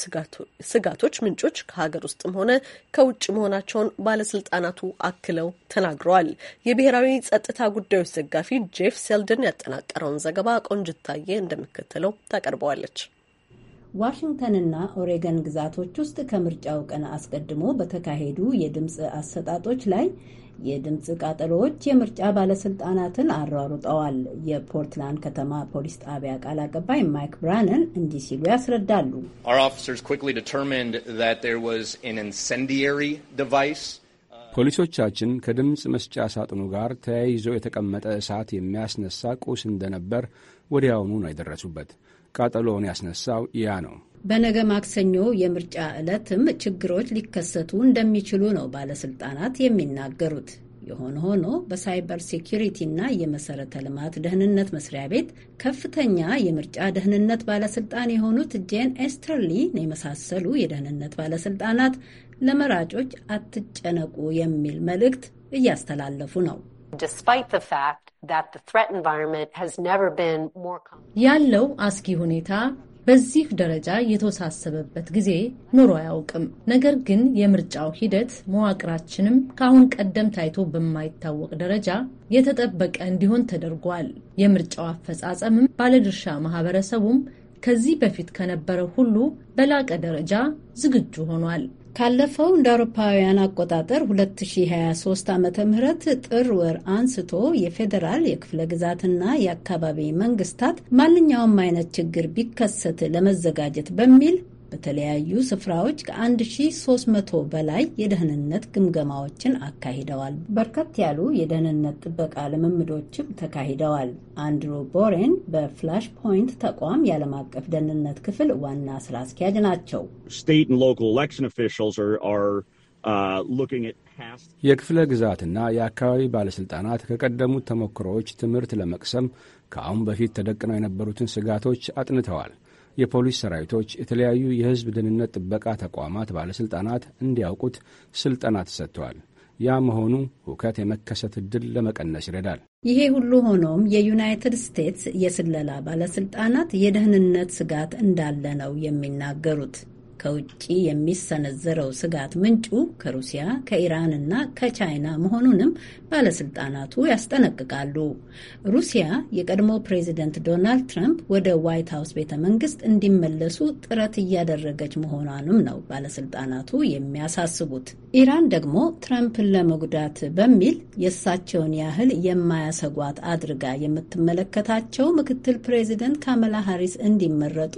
ስጋቶች ምንጮች ከሀገር ውስጥም ሆነ ከውጭ መሆናቸውን ባለስልጣናቱ አክለው ተናግረዋል። የብሔራዊ ጸጥታ ጉዳዮች ዘጋፊ ጄፍ ሴልደን ያጠናቀረውን ዘገባ ቆንጅታየ እንደሚከተለው ታቀርበዋለች። ዋሽንግተንና ኦሬገን ግዛቶች ውስጥ ከምርጫው ቀን አስቀድሞ በተካሄዱ የድምፅ አሰጣጦች ላይ የድምፅ ቃጠሎዎች የምርጫ ባለስልጣናትን አሯሩጠዋል። የፖርትላንድ ከተማ ፖሊስ ጣቢያ ቃል አቀባይ ማይክ ብራነን እንዲህ ሲሉ ያስረዳሉ። ፖሊሶቻችን ከድምፅ መስጫ ሳጥኑ ጋር ተያይዞ የተቀመጠ እሳት የሚያስነሳ ቁስ እንደነበር ወዲያውኑ ነው የደረሱበት። ቃጠሎውን ያስነሳው ያ ነው። በነገ ማክሰኞ የምርጫ ዕለትም ችግሮች ሊከሰቱ እንደሚችሉ ነው ባለስልጣናት የሚናገሩት። የሆነ ሆኖ በሳይበር ሴኪሪቲ እና የመሰረተ ልማት ደህንነት መስሪያ ቤት ከፍተኛ የምርጫ ደህንነት ባለስልጣን የሆኑት ጄን ኤስተርሊን የመሳሰሉ የደህንነት ባለስልጣናት ለመራጮች አትጨነቁ የሚል መልእክት እያስተላለፉ ነው። despite the fact that the threat environment has never been more ያለው አስጊ ሁኔታ በዚህ ደረጃ የተወሳሰበበት ጊዜ ኖሮ አያውቅም። ነገር ግን የምርጫው ሂደት መዋቅራችንም ከአሁን ቀደም ታይቶ በማይታወቅ ደረጃ የተጠበቀ እንዲሆን ተደርጓል። የምርጫው አፈጻጸምም ባለድርሻ ማህበረሰቡም ከዚህ በፊት ከነበረው ሁሉ በላቀ ደረጃ ዝግጁ ሆኗል። ካለፈው እንደ አውሮፓውያን አቆጣጠር 2023 ዓ ም ጥር ወር አንስቶ የፌዴራል የክፍለ ግዛትና የአካባቢ መንግስታት ማንኛውም አይነት ችግር ቢከሰት ለመዘጋጀት በሚል በተለያዩ ስፍራዎች ከ1300 በላይ የደህንነት ግምገማዎችን አካሂደዋል። በርከት ያሉ የደህንነት ጥበቃ ልምምዶችም ተካሂደዋል። አንድሩ ቦሬን በፍላሽ ፖይንት ተቋም የዓለም አቀፍ ደህንነት ክፍል ዋና ስራ አስኪያጅ ናቸው። uh, የክፍለ ግዛትና የአካባቢ ባለሥልጣናት ከቀደሙት ተሞክሮዎች ትምህርት ለመቅሰም ከአሁን በፊት ተደቅነው የነበሩትን ስጋቶች አጥንተዋል። የፖሊስ ሰራዊቶች፣ የተለያዩ የህዝብ ደህንነት ጥበቃ ተቋማት ባለሥልጣናት እንዲያውቁት ስልጠና ተሰጥተዋል። ያ መሆኑ ሁከት የመከሰት እድል ለመቀነስ ይረዳል። ይሄ ሁሉ ሆኖም የዩናይትድ ስቴትስ የስለላ ባለስልጣናት የደህንነት ስጋት እንዳለ ነው የሚናገሩት። ከውጭ የሚሰነዘረው ስጋት ምንጩ ከሩሲያ ከኢራን እና ከቻይና መሆኑንም ባለስልጣናቱ ያስጠነቅቃሉ። ሩሲያ የቀድሞ ፕሬዚደንት ዶናልድ ትራምፕ ወደ ዋይት ሀውስ ቤተ መንግስት እንዲመለሱ ጥረት እያደረገች መሆኗንም ነው ባለስልጣናቱ የሚያሳስቡት። ኢራን ደግሞ ትራምፕን ለመጉዳት በሚል የእሳቸውን ያህል የማያሰጓት አድርጋ የምትመለከታቸው ምክትል ፕሬዚደንት ካመላ ሃሪስ እንዲመረጡ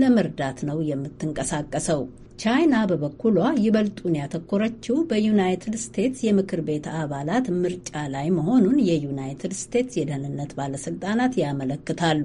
ለመርዳት ነው የምትንቀሳቀሰው። ቻይና በበኩሏ ይበልጡን ያተኮረችው በዩናይትድ ስቴትስ የምክር ቤት አባላት ምርጫ ላይ መሆኑን የዩናይትድ ስቴትስ የደህንነት ባለስልጣናት ያመለክታሉ።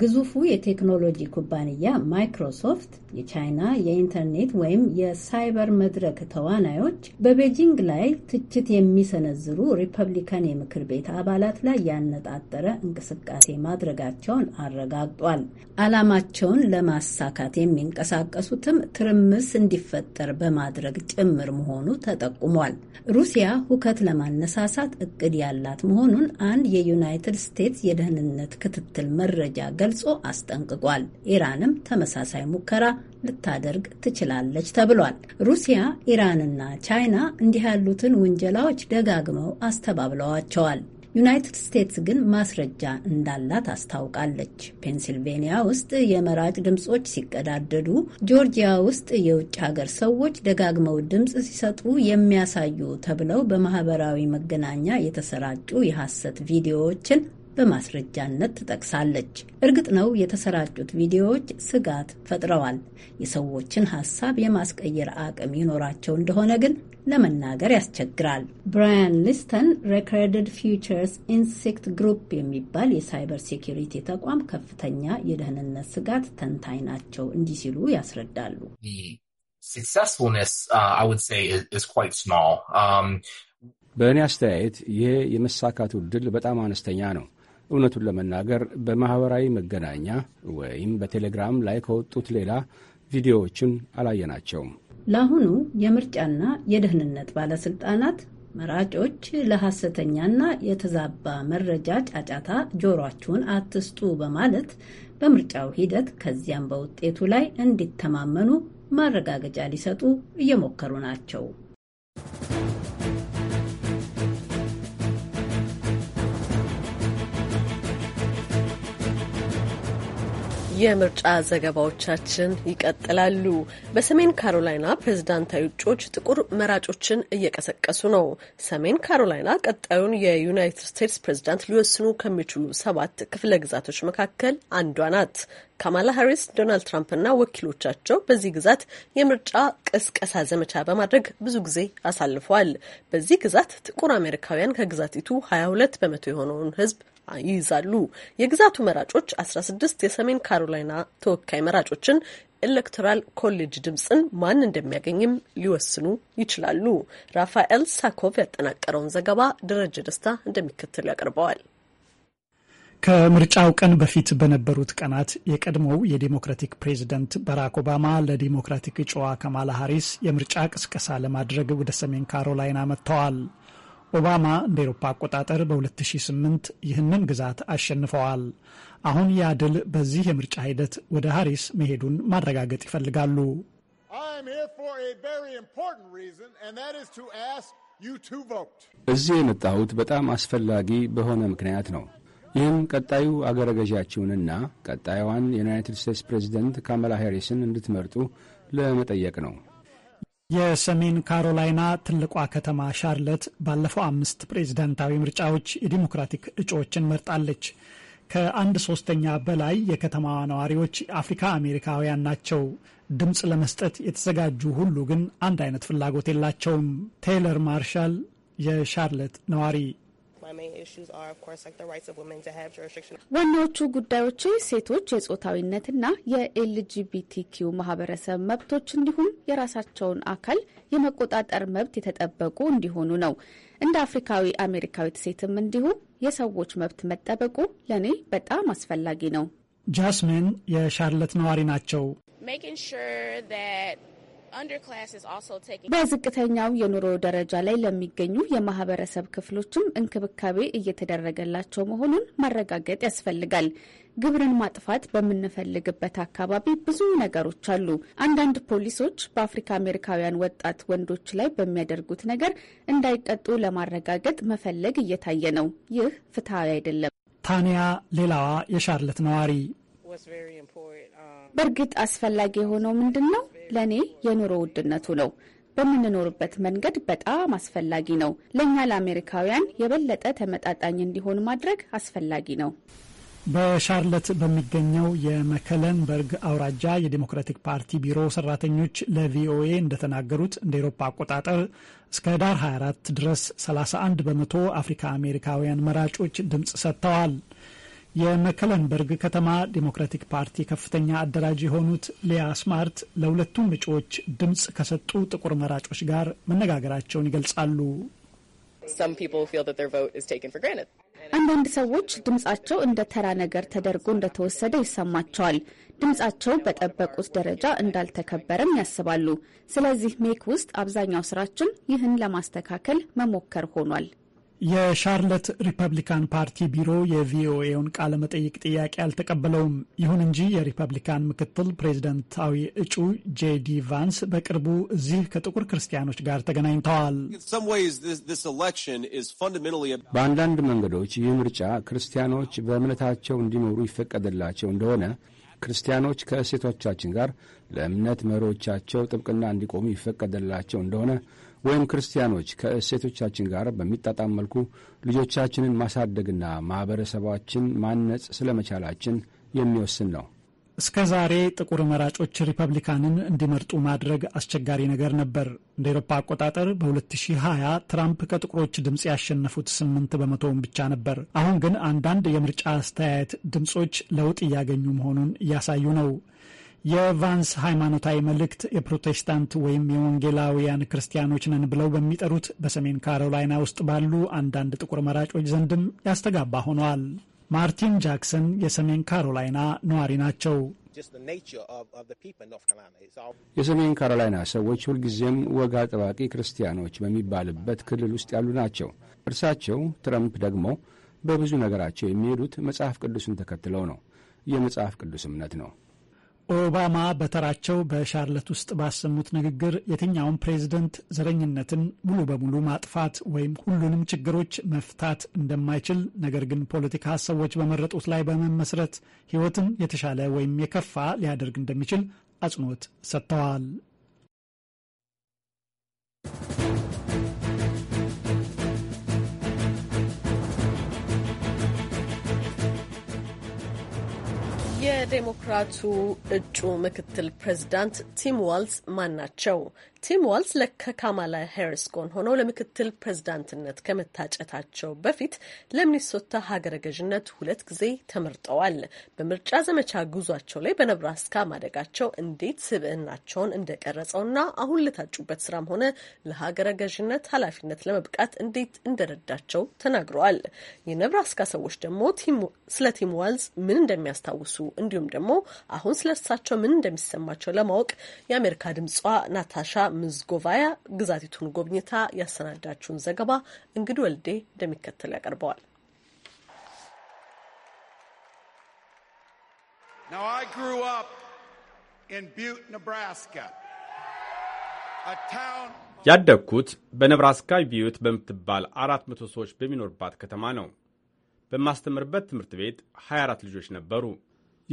ግዙፉ የቴክኖሎጂ ኩባንያ ማይክሮሶፍት የቻይና የኢንተርኔት ወይም የሳይበር መድረክ ተዋናዮች በቤጂንግ ላይ ትችት የሚሰነዝሩ ሪፐብሊካን የምክር ቤት አባላት ላይ ያነጣጠረ እንቅስቃሴ ማድረጋቸውን አረጋግጧል። ዓላማቸውን ለማሳካት የሚንቀሳቀሱትም ትርምስ እንዲፈጠር በማድረግ ጭምር መሆኑ ተጠቁሟል። ሩሲያ ሁከት ለማነሳሳት እቅድ ያላት መሆኑን አንድ የዩናይትድ ስቴትስ የደህንነት ክትትል መረጃ ገልጾ አስጠንቅቋል። ኢራንም ተመሳሳይ ሙከራ ልታደርግ ትችላለች ተብሏል። ሩሲያ፣ ኢራንና ቻይና እንዲህ ያሉትን ውንጀላዎች ደጋግመው አስተባብለዋቸዋል። ዩናይትድ ስቴትስ ግን ማስረጃ እንዳላት አስታውቃለች። ፔንሲልቬንያ ውስጥ የመራጭ ድምፆች ሲቀዳደዱ፣ ጆርጂያ ውስጥ የውጭ ሀገር ሰዎች ደጋግመው ድምፅ ሲሰጡ የሚያሳዩ ተብለው በማህበራዊ መገናኛ የተሰራጩ የሐሰት ቪዲዮዎችን በማስረጃነት ትጠቅሳለች። እርግጥ ነው የተሰራጩት ቪዲዮዎች ስጋት ፈጥረዋል። የሰዎችን ሀሳብ የማስቀየር አቅም ይኖራቸው እንደሆነ ግን ለመናገር ያስቸግራል። ብራያን ሊስተን ሬኮርድድ ፊውቸርስ ኢንሴክት ግሩፕ የሚባል የሳይበር ሴኪሪቲ ተቋም ከፍተኛ የደህንነት ስጋት ተንታኝ ናቸው። እንዲህ ሲሉ ያስረዳሉ። uh, um, በእኔ አስተያየት ይሄ የመሳካቱ ድል በጣም አነስተኛ ነው። እውነቱን ለመናገር በማኅበራዊ መገናኛ ወይም በቴሌግራም ላይ ከወጡት ሌላ ቪዲዮዎችን አላየናቸውም። ለአሁኑ የምርጫና የደህንነት ባለስልጣናት መራጮች ለሐሰተኛና የተዛባ መረጃ ጫጫታ ጆሯችሁን አትስጡ በማለት በምርጫው ሂደት ከዚያም በውጤቱ ላይ እንዲተማመኑ ማረጋገጫ ሊሰጡ እየሞከሩ ናቸው። የምርጫ ዘገባዎቻችን ይቀጥላሉ። በሰሜን ካሮላይና ፕሬዝዳንታዊ እጩዎች ጥቁር መራጮችን እየቀሰቀሱ ነው። ሰሜን ካሮላይና ቀጣዩን የዩናይትድ ስቴትስ ፕሬዝዳንት ሊወስኑ ከሚችሉ ሰባት ክፍለ ግዛቶች መካከል አንዷ ናት። ካማላ ሃሪስ፣ ዶናልድ ትራምፕና ወኪሎቻቸው በዚህ ግዛት የምርጫ ቅስቀሳ ዘመቻ በማድረግ ብዙ ጊዜ አሳልፈዋል። በዚህ ግዛት ጥቁር አሜሪካውያን ከግዛቲቱ 22 በመቶ የሆነውን ህዝብ። ይይዛሉ። የግዛቱ መራጮች 16 የሰሜን ካሮላይና ተወካይ መራጮችን ኤሌክቶራል ኮሌጅ ድምፅን ማን እንደሚያገኝም ሊወስኑ ይችላሉ። ራፋኤል ሳኮቭ ያጠናቀረውን ዘገባ ደረጀ ደስታ እንደሚከተሉ ያቀርበዋል። ከምርጫው ቀን በፊት በነበሩት ቀናት የቀድሞው የዴሞክራቲክ ፕሬዚደንት ባራክ ኦባማ ለዴሞክራቲክ እጩዋ ከማላ ሀሪስ የምርጫ ቅስቀሳ ለማድረግ ወደ ሰሜን ካሮላይና መጥተዋል። ኦባማ እንደ ኤሮፓ አቆጣጠር በ2008 ይህንን ግዛት አሸንፈዋል። አሁን ያ ድል በዚህ የምርጫ ሂደት ወደ ሃሪስ መሄዱን ማረጋገጥ ይፈልጋሉ። እዚህ የመጣሁት በጣም አስፈላጊ በሆነ ምክንያት ነው። ይህም ቀጣዩ አገረ ገዣችሁንና ቀጣዩዋን የዩናይትድ ስቴትስ ፕሬዚደንት ካመላ ሃሪስን እንድትመርጡ ለመጠየቅ ነው። የሰሜን ካሮላይና ትልቋ ከተማ ሻርለት ባለፈው አምስት ፕሬዚዳንታዊ ምርጫዎች የዲሞክራቲክ እጩዎችን መርጣለች። ከአንድ ሶስተኛ በላይ የከተማዋ ነዋሪዎች አፍሪካ አሜሪካውያን ናቸው። ድምፅ ለመስጠት የተዘጋጁ ሁሉ ግን አንድ አይነት ፍላጎት የላቸውም። ቴይለር ማርሻል የሻርለት ነዋሪ ዋናዎቹ ጉዳዮች ሴቶች የጾታዊነትና የኤልጂቢቲኪው ማህበረሰብ መብቶች እንዲሁም የራሳቸውን አካል የመቆጣጠር መብት የተጠበቁ እንዲሆኑ ነው። እንደ አፍሪካዊ አሜሪካዊት ሴትም እንዲሁ የሰዎች መብት መጠበቁ ለእኔ በጣም አስፈላጊ ነው። ጃስሚን የሻርለት ነዋሪ ናቸው። በዝቅተኛው የኑሮ ደረጃ ላይ ለሚገኙ የማህበረሰብ ክፍሎችም እንክብካቤ እየተደረገላቸው መሆኑን ማረጋገጥ ያስፈልጋል። ግብርን ማጥፋት በምንፈልግበት አካባቢ ብዙ ነገሮች አሉ። አንዳንድ ፖሊሶች በአፍሪካ አሜሪካውያን ወጣት ወንዶች ላይ በሚያደርጉት ነገር እንዳይቀጡ ለማረጋገጥ መፈለግ እየታየ ነው። ይህ ፍትሐዊ አይደለም። ታንያ ሌላዋ የሻርለት ነዋሪ በእርግጥ አስፈላጊ የሆነው ምንድን ነው? ለእኔ የኑሮ ውድነቱ ነው። በምንኖርበት መንገድ በጣም አስፈላጊ ነው። ለእኛ ለአሜሪካውያን የበለጠ ተመጣጣኝ እንዲሆን ማድረግ አስፈላጊ ነው። በሻርለት በሚገኘው የመከለንበርግ አውራጃ የዴሞክራቲክ ፓርቲ ቢሮ ሰራተኞች ለቪኦኤ እንደተናገሩት እንደ ኤሮፓ አቆጣጠር እስከ ዳር 24 ድረስ 31 በመቶ አፍሪካ አሜሪካውያን መራጮች ድምፅ ሰጥተዋል። የመከለንበርግ ከተማ ዴሞክራቲክ ፓርቲ ከፍተኛ አደራጅ የሆኑት ሊያ ስማርት ለሁለቱም እጩዎች ድምፅ ከሰጡ ጥቁር መራጮች ጋር መነጋገራቸውን ይገልጻሉ። አንዳንድ ሰዎች ድምጻቸው እንደ ተራ ነገር ተደርጎ እንደተወሰደ ይሰማቸዋል። ድምጻቸው በጠበቁት ደረጃ እንዳልተከበረም ያስባሉ። ስለዚህ ሜክ ውስጥ አብዛኛው ስራችን ይህን ለማስተካከል መሞከር ሆኗል። የሻርለት ሪፐብሊካን ፓርቲ ቢሮ የቪኦኤውን ቃለ መጠይቅ ጥያቄ አልተቀበለውም። ይሁን እንጂ የሪፐብሊካን ምክትል ፕሬዚደንታዊ እጩ ጄዲ ቫንስ በቅርቡ እዚህ ከጥቁር ክርስቲያኖች ጋር ተገናኝተዋል። በአንዳንድ መንገዶች ይህ ምርጫ ክርስቲያኖች በእምነታቸው እንዲኖሩ ይፈቀድላቸው እንደሆነ ክርስቲያኖች ከእሴቶቻችን ጋር ለእምነት መሪዎቻቸው ጥብቅና እንዲቆሙ ይፈቀድላቸው እንደሆነ ወይም ክርስቲያኖች ከእሴቶቻችን ጋር በሚጣጣም መልኩ ልጆቻችንን ማሳደግና ማኅበረሰባችን ማነጽ ስለመቻላችን የሚወስን ነው። እስከ ዛሬ ጥቁር መራጮች ሪፐብሊካንን እንዲመርጡ ማድረግ አስቸጋሪ ነገር ነበር። እንደ ኤሮፓ አቆጣጠር በ2020 ትራምፕ ከጥቁሮች ድምፅ ያሸነፉት ስምንት በመቶውን ብቻ ነበር። አሁን ግን አንዳንድ የምርጫ አስተያየት ድምፆች ለውጥ እያገኙ መሆኑን እያሳዩ ነው። የቫንስ ሃይማኖታዊ መልእክት የፕሮቴስታንት ወይም የወንጌላውያን ክርስቲያኖች ነን ብለው በሚጠሩት በሰሜን ካሮላይና ውስጥ ባሉ አንዳንድ ጥቁር መራጮች ዘንድም ያስተጋባ ሆነዋል። ማርቲን ጃክሰን የሰሜን ካሮላይና ነዋሪ ናቸው። የሰሜን ካሮላይና ሰዎች ሁልጊዜም ወግ አጥባቂ ክርስቲያኖች በሚባልበት ክልል ውስጥ ያሉ ናቸው። እርሳቸው ትረምፕ ደግሞ በብዙ ነገራቸው የሚሄዱት መጽሐፍ ቅዱስን ተከትለው ነው። የመጽሐፍ ቅዱስ እምነት ነው። ኦባማ በተራቸው በሻርለት ውስጥ ባሰሙት ንግግር የትኛውም ፕሬዝደንት ዘረኝነትን ሙሉ በሙሉ ማጥፋት ወይም ሁሉንም ችግሮች መፍታት እንደማይችል፣ ነገር ግን ፖለቲካ ሰዎች በመረጡት ላይ በመመስረት ሕይወትን የተሻለ ወይም የከፋ ሊያደርግ እንደሚችል አጽንኦት ሰጥተዋል። የዴሞክራቱ እጩ ምክትል ፕሬዚዳንት ቲም ዋልዝ ማን ናቸው? ቲም ዋልስ ለከካማላ ሄሪስ ጎን ሆነው ለምክትል ፕሬዝዳንትነት ከመታጨታቸው በፊት ለሚኒሶታ ሀገረ ገዥነት ሁለት ጊዜ ተመርጠዋል። በምርጫ ዘመቻ ጉዟቸው ላይ በነብራስካ ማደጋቸው እንዴት ስብዕናቸውን እንደቀረጸውና አሁን ለታጩበት ስራም ሆነ ለሀገረ ገዥነት ኃላፊነት ለመብቃት እንዴት እንደረዳቸው ተናግረዋል። የነብራስካ ሰዎች ደግሞ ስለ ቲም ዋልስ ምን እንደሚያስታውሱ እንዲሁም ደግሞ አሁን ስለ እርሳቸው ምን እንደሚሰማቸው ለማወቅ የአሜሪካ ድምጿ ናታሻ ምዝጎቫያ ግዛቲቱን ጎብኝታ ያሰናዳችውን ዘገባ እንግዲ ወልዴ እንደሚከተል ያቀርበዋል። Now, I grew up in Butte, Nebraska, a town... ያደግኩት በነብራስካ ቢዩት በምትባል አራት መቶ ሰዎች በሚኖርባት ከተማ ነው። በማስተምርበት ትምህርት ቤት 24 ልጆች ነበሩ።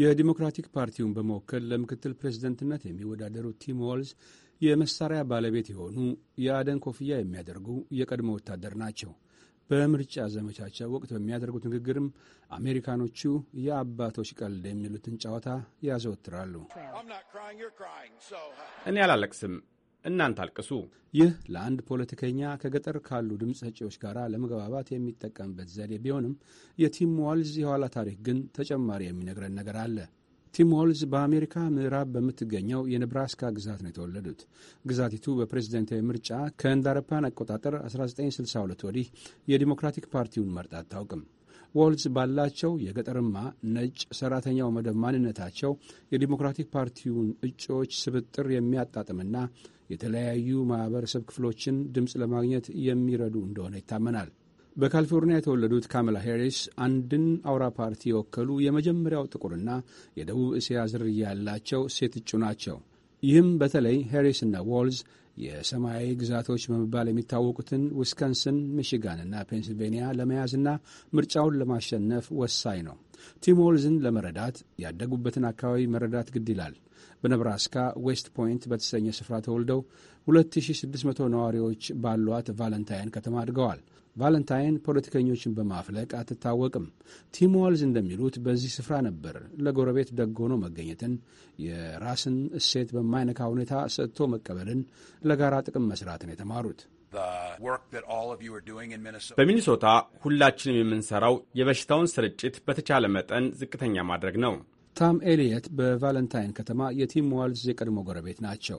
የዲሞክራቲክ ፓርቲውን በመወከል ለምክትል ፕሬዝደንትነት የሚወዳደሩ ቲም ዋልዝ የመሳሪያ ባለቤት የሆኑ የአደን ኮፍያ የሚያደርጉ የቀድሞ ወታደር ናቸው። በምርጫ ዘመቻቸው ወቅት በሚያደርጉት ንግግርም አሜሪካኖቹ የአባቶች ቀልድ የሚሉትን ጨዋታ ያዘወትራሉ። uh, እኔ አላለቅስም፣ እናንተ አልቅሱ። ይህ ለአንድ ፖለቲከኛ ከገጠር ካሉ ድምፅ ሰጪዎች ጋር ለመግባባት የሚጠቀምበት ዘዴ ቢሆንም የቲም ዋልዝ የኋላ ታሪክ ግን ተጨማሪ የሚነግረን ነገር አለ። ቲም ሆልዝ በአሜሪካ ምዕራብ በምትገኘው የነብራስካ ግዛት ነው የተወለዱት። ግዛቲቱ በፕሬዝደንታዊ ምርጫ ከእንደ አውሮፓውያን አቆጣጠር 1962 ወዲህ የዲሞክራቲክ ፓርቲውን መርጣ አታውቅም። ዎልዝ ባላቸው የገጠርማ ነጭ ሰራተኛው መደብ ማንነታቸው የዲሞክራቲክ ፓርቲውን እጩዎች ስብጥር የሚያጣጥምና የተለያዩ ማኅበረሰብ ክፍሎችን ድምፅ ለማግኘት የሚረዱ እንደሆነ ይታመናል። በካሊፎርኒያ የተወለዱት ካሜላ ሄሪስ አንድን አውራ ፓርቲ የወከሉ የመጀመሪያው ጥቁርና የደቡብ እስያ ዝርያ ያላቸው ሴት እጩ ናቸው። ይህም በተለይ እና ዎልዝ የሰማያዊ ግዛቶች በመባል የሚታወቁትን ዊስከንስን፣ እና ፔንስልቬንያ ለመያዝና ምርጫውን ለማሸነፍ ወሳኝ ነው። ቲም ዎልዝን ለመረዳት ያደጉበትን አካባቢ መረዳት ግድ ይላል። በነብራስካ ዌስት ፖይንት በተሰኘ ስፍራ ተወልደው 2600 ነዋሪዎች ባሏት ቫለንታይን ከተማ አድገዋል። ቫለንታይን ፖለቲከኞችን በማፍለቅ አትታወቅም። ቲም ዋልዝ እንደሚሉት በዚህ ስፍራ ነበር ለጎረቤት ደግ ሆኖ መገኘትን፣ የራስን እሴት በማይነካ ሁኔታ ሰጥቶ መቀበልን፣ ለጋራ ጥቅም መስራትን የተማሩት። በሚኒሶታ ሁላችንም የምንሰራው የበሽታውን ስርጭት በተቻለ መጠን ዝቅተኛ ማድረግ ነው። ታም ኤሊየት በቫለንታይን ከተማ የቲም ዋልዝ የቀድሞ ጎረቤት ናቸው።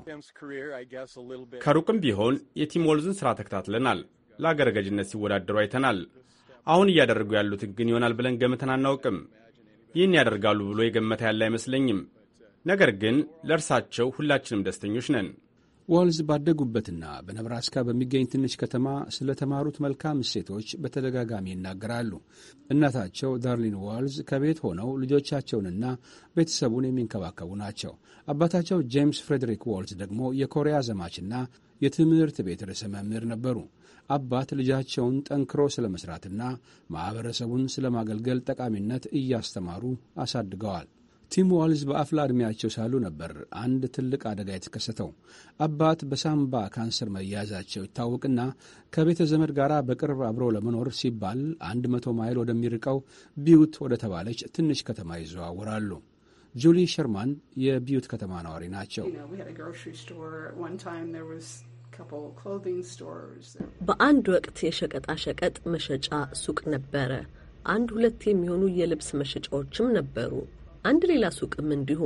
ከሩቅም ቢሆን የቲም ዋልዝን ስራ ተከታትለናል። ለአገረ ገዥነት ሲወዳደሩ አይተናል። አሁን እያደረጉ ያሉትን ግን ይሆናል ብለን ገምተን አናውቅም። ይህን ያደርጋሉ ብሎ የገመተ ያለ አይመስለኝም። ነገር ግን ለእርሳቸው ሁላችንም ደስተኞች ነን። ዋልዝ ባደጉበትና በነብራስካ በሚገኝ ትንሽ ከተማ ስለተማሩት መልካም እሴቶች በተደጋጋሚ ይናገራሉ። እናታቸው ዳርሊን ዋልዝ ከቤት ሆነው ልጆቻቸውንና ቤተሰቡን የሚንከባከቡ ናቸው። አባታቸው ጄምስ ፍሬድሪክ ዋልዝ ደግሞ የኮሪያ ዘማችና የትምህርት ቤት ርዕሰ መምህር ነበሩ። አባት ልጃቸውን ጠንክሮ ስለ መስራትና ማኅበረሰቡን ስለ ማገልገል ጠቃሚነት እያስተማሩ አሳድገዋል። ቲም ዋልዝ በአፍላ ዕድሜያቸው ሳሉ ነበር አንድ ትልቅ አደጋ የተከሰተው። አባት በሳምባ ካንሰር መያዛቸው ይታወቅና ከቤተ ዘመድ ጋር በቅርብ አብሮ ለመኖር ሲባል አንድ መቶ ማይል ወደሚርቀው ቢዩት ወደ ተባለች ትንሽ ከተማ ይዘዋወራሉ። ጁሊ ሸርማን የቢዩት ከተማ ነዋሪ ናቸው። በአንድ ወቅት የሸቀጣሸቀጥ መሸጫ ሱቅ ነበረ። አንድ ሁለት የሚሆኑ የልብስ መሸጫዎችም ነበሩ። አንድ ሌላ ሱቅም እንዲሁ።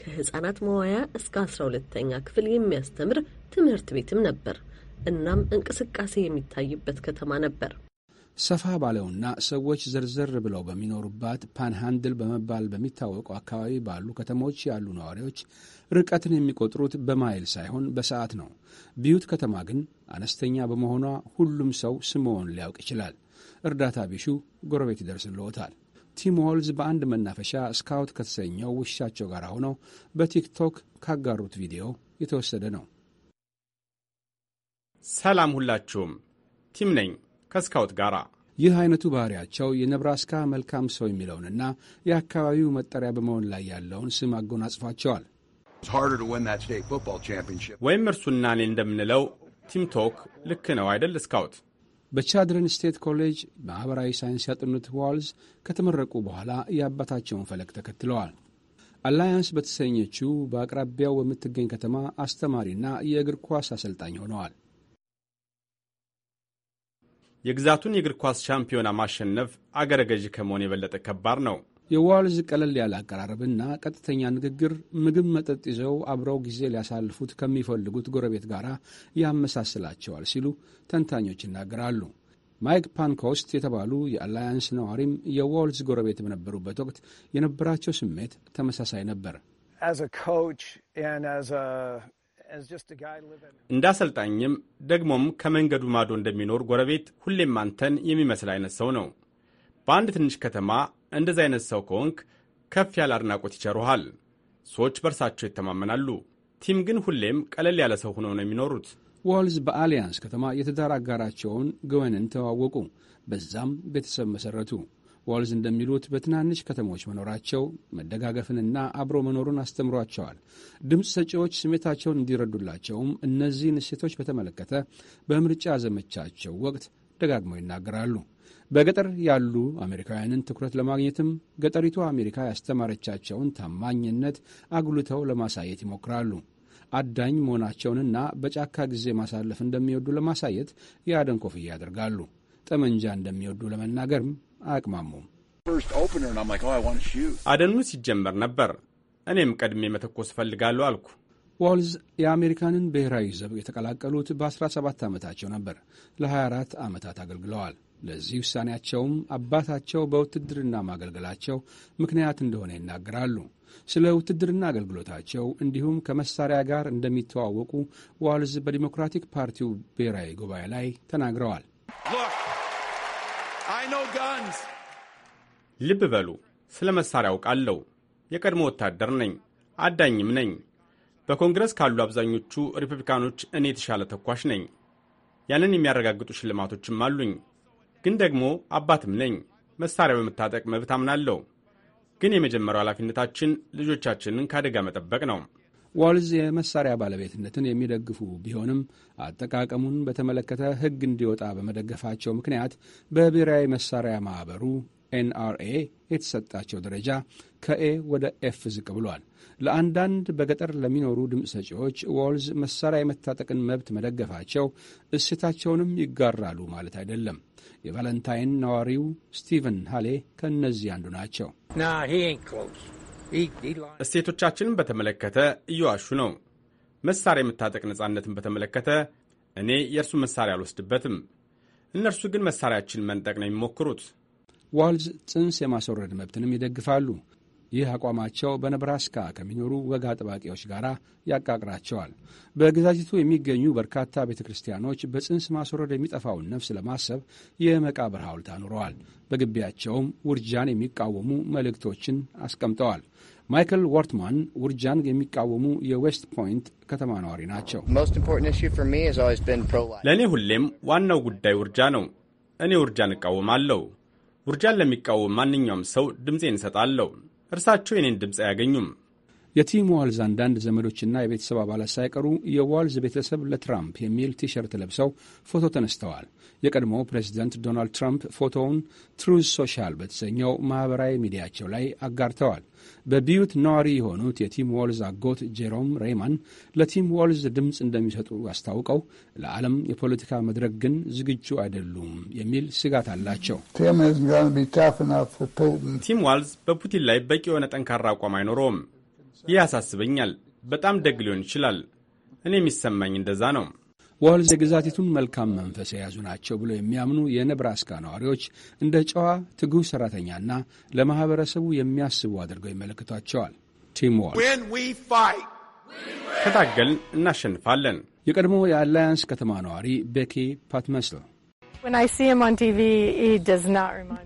ከህጻናት መዋያ እስከ አስራ ሁለተኛ ክፍል የሚያስተምር ትምህርት ቤትም ነበር። እናም እንቅስቃሴ የሚታይበት ከተማ ነበር። ሰፋ ባለውና ሰዎች ዝርዝር ብለው በሚኖሩባት ፓንሃንድል በመባል በሚታወቀው አካባቢ ባሉ ከተሞች ያሉ ነዋሪዎች ርቀትን የሚቆጥሩት በማይል ሳይሆን በሰዓት ነው። ቢዩት ከተማ ግን አነስተኛ በመሆኗ ሁሉም ሰው ስምዎን ሊያውቅ ይችላል። እርዳታ ቢሹ ጎረቤት ይደርስልዎታል። ቲም ሆልዝ በአንድ መናፈሻ ስካውት ከተሰኘው ውሻቸው ጋር ሆነው በቲክቶክ ካጋሩት ቪዲዮ የተወሰደ ነው። ሰላም ሁላችሁም፣ ቲም ነኝ። ከስካውት ጋር። ይህ አይነቱ ባህሪያቸው የነብራስካ መልካም ሰው የሚለውንና የአካባቢው መጠሪያ በመሆን ላይ ያለውን ስም አጎናጽፏቸዋል። ወይም እርሱና እኔ እንደምንለው ቲምቶክ ልክ ነው አይደል ስካውት? በቻድረን ስቴት ኮሌጅ ማኅበራዊ ሳይንስ ያጠኑት ዋልዝ ከተመረቁ በኋላ የአባታቸውን ፈለግ ተከትለዋል። አላያንስ በተሰኘችው በአቅራቢያው በምትገኝ ከተማ አስተማሪና የእግር ኳስ አሰልጣኝ ሆነዋል። የግዛቱን የእግር ኳስ ሻምፒዮና ማሸነፍ አገረ ገዢ ከመሆን የበለጠ ከባድ ነው። የዋልዝ ቀለል ያለ አቀራረብና ቀጥተኛ ንግግር ምግብ፣ መጠጥ ይዘው አብረው ጊዜ ሊያሳልፉት ከሚፈልጉት ጎረቤት ጋር ያመሳስላቸዋል ሲሉ ተንታኞች ይናገራሉ። ማይክ ፓንኮስት የተባሉ የአላያንስ ነዋሪም የዋልዝ ጎረቤት በነበሩበት ወቅት የነበራቸው ስሜት ተመሳሳይ ነበር። እንደ አሰልጣኝም ደግሞም ከመንገዱ ማዶ እንደሚኖር ጎረቤት ሁሌም አንተን የሚመስል አይነት ሰው ነው። በአንድ ትንሽ ከተማ እንደዚ አይነት ሰው ከሆንክ ከፍ ያለ አድናቆት ይቸሩሃል። ሰዎች በእርሳቸው ይተማመናሉ። ቲም ግን ሁሌም ቀለል ያለ ሰው ሆነው ነው የሚኖሩት። ዋልዝ በአሊያንስ ከተማ የትዳር አጋራቸውን ግወንን ተዋወቁ። በዛም ቤተሰብ መሠረቱ። ዋልዝ እንደሚሉት በትናንሽ ከተሞች መኖራቸው መደጋገፍንና አብሮ መኖሩን አስተምሯቸዋል። ድምፅ ሰጪዎች ስሜታቸውን እንዲረዱላቸውም እነዚህን እሴቶች በተመለከተ በምርጫ ዘመቻቸው ወቅት ደጋግመው ይናገራሉ። በገጠር ያሉ አሜሪካውያንን ትኩረት ለማግኘትም ገጠሪቱ አሜሪካ ያስተማረቻቸውን ታማኝነት አጉልተው ለማሳየት ይሞክራሉ። አዳኝ መሆናቸውንና በጫካ ጊዜ ማሳለፍ እንደሚወዱ ለማሳየት የአደን ኮፍያ ያደርጋሉ። ጠመንጃ እንደሚወዱ ለመናገርም አያቅማሙም። oh, አደኑ ሲጀመር ነበር። እኔም ቀድሜ መተኮስ እፈልጋለሁ አልኩ። ዋልዝ የአሜሪካንን ብሔራዊ ዘብ የተቀላቀሉት በ17 ዓመታቸው ነበር። ለ24 ዓመታት አገልግለዋል። ለዚህ ውሳኔያቸውም አባታቸው በውትድርና ማገልገላቸው ምክንያት እንደሆነ ይናገራሉ። ስለ ውትድርና አገልግሎታቸው እንዲሁም ከመሳሪያ ጋር እንደሚተዋወቁ ዋልዝ በዲሞክራቲክ ፓርቲው ብሔራዊ ጉባኤ ላይ ተናግረዋል። ልብ በሉ፣ ስለ መሳሪያ አውቃለሁ። የቀድሞ ወታደር ነኝ፣ አዳኝም ነኝ። በኮንግረስ ካሉ አብዛኞቹ ሪፐብሊካኖች እኔ የተሻለ ተኳሽ ነኝ። ያንን የሚያረጋግጡ ሽልማቶችም አሉኝ። ግን ደግሞ አባትም ነኝ። መሳሪያ በመታጠቅ መብት አምናለሁ። ግን የመጀመሪያው ኃላፊነታችን ልጆቻችንን ከአደጋ መጠበቅ ነው። ዋልዝ የመሳሪያ ባለቤትነትን የሚደግፉ ቢሆንም አጠቃቀሙን በተመለከተ ሕግ እንዲወጣ በመደገፋቸው ምክንያት በብሔራዊ መሳሪያ ማኅበሩ ኤንአርኤ የተሰጣቸው ደረጃ ከኤ ወደ ኤፍ ዝቅ ብሏል። ለአንዳንድ በገጠር ለሚኖሩ ድምፅ ሰጪዎች ዋልዝ መሳሪያ የመታጠቅን መብት መደገፋቸው እሴታቸውንም ይጋራሉ ማለት አይደለም። የቫለንታይን ነዋሪው ስቲቨን ሃሌ ከእነዚህ አንዱ ናቸው። እሴቶቻችንን በተመለከተ እየዋሹ ነው። መሳሪያ የመታጠቅ ነጻነትን በተመለከተ እኔ የእርሱ መሳሪያ አልወስድበትም። እነርሱ ግን መሳሪያችን መንጠቅ ነው የሚሞክሩት። ዋልዝ ጽንስ የማስወረድ መብትንም ይደግፋሉ። ይህ አቋማቸው በነብራስካ ከሚኖሩ ወግ አጥባቂዎች ጋር ያቃቅራቸዋል። በግዛቲቱ የሚገኙ በርካታ ቤተ ክርስቲያኖች በጽንስ ማስወረድ የሚጠፋውን ነፍስ ለማሰብ የመቃብር ሐውልት አኑረዋል። በግቢያቸውም ውርጃን የሚቃወሙ መልእክቶችን አስቀምጠዋል። ማይክል ዎርትማን ውርጃን የሚቃወሙ የዌስት ፖይንት ከተማ ነዋሪ ናቸው። ለእኔ ሁሌም ዋናው ጉዳይ ውርጃ ነው። እኔ ውርጃን እቃወማለሁ። ውርጃን ለሚቃወም ማንኛውም ሰው ድምፄን እሰጣለሁ። እርሳቸው የኔን ድምፅ አያገኙም። የቲም ዋልዝ አንዳንድ ዘመዶችና የቤተሰብ አባላት ሳይቀሩ የዋልዝ ቤተሰብ ለትራምፕ የሚል ቲሸርት ለብሰው ፎቶ ተነስተዋል። የቀድሞው ፕሬዚደንት ዶናልድ ትራምፕ ፎቶውን ትሩዝ ሶሻል በተሰኘው ማኅበራዊ ሚዲያቸው ላይ አጋርተዋል። በቢዩት ነዋሪ የሆኑት የቲም ዋልዝ አጎት ጄሮም ሬይማን ለቲም ዋልዝ ድምፅ እንደሚሰጡ አስታውቀው ለዓለም የፖለቲካ መድረክ ግን ዝግጁ አይደሉም የሚል ስጋት አላቸው። ቲም ዋልዝ በፑቲን ላይ በቂ የሆነ ጠንካራ አቋም አይኖረውም። ይህ ያሳስበኛል። በጣም ደግ ሊሆን ይችላል። እኔ የሚሰማኝ እንደዛ ነው። ዋልዝ የግዛቲቱን መልካም መንፈስ የያዙ ናቸው ብለው የሚያምኑ የነብራስካ ነዋሪዎች እንደ ጨዋ ትጉህ ሠራተኛና ለማኅበረሰቡ የሚያስቡ አድርገው ይመለከቷቸዋል። ቲም ዋል ከታገልን እናሸንፋለን። የቀድሞ የአላያንስ ከተማ ነዋሪ ቤኪ ፓትመስል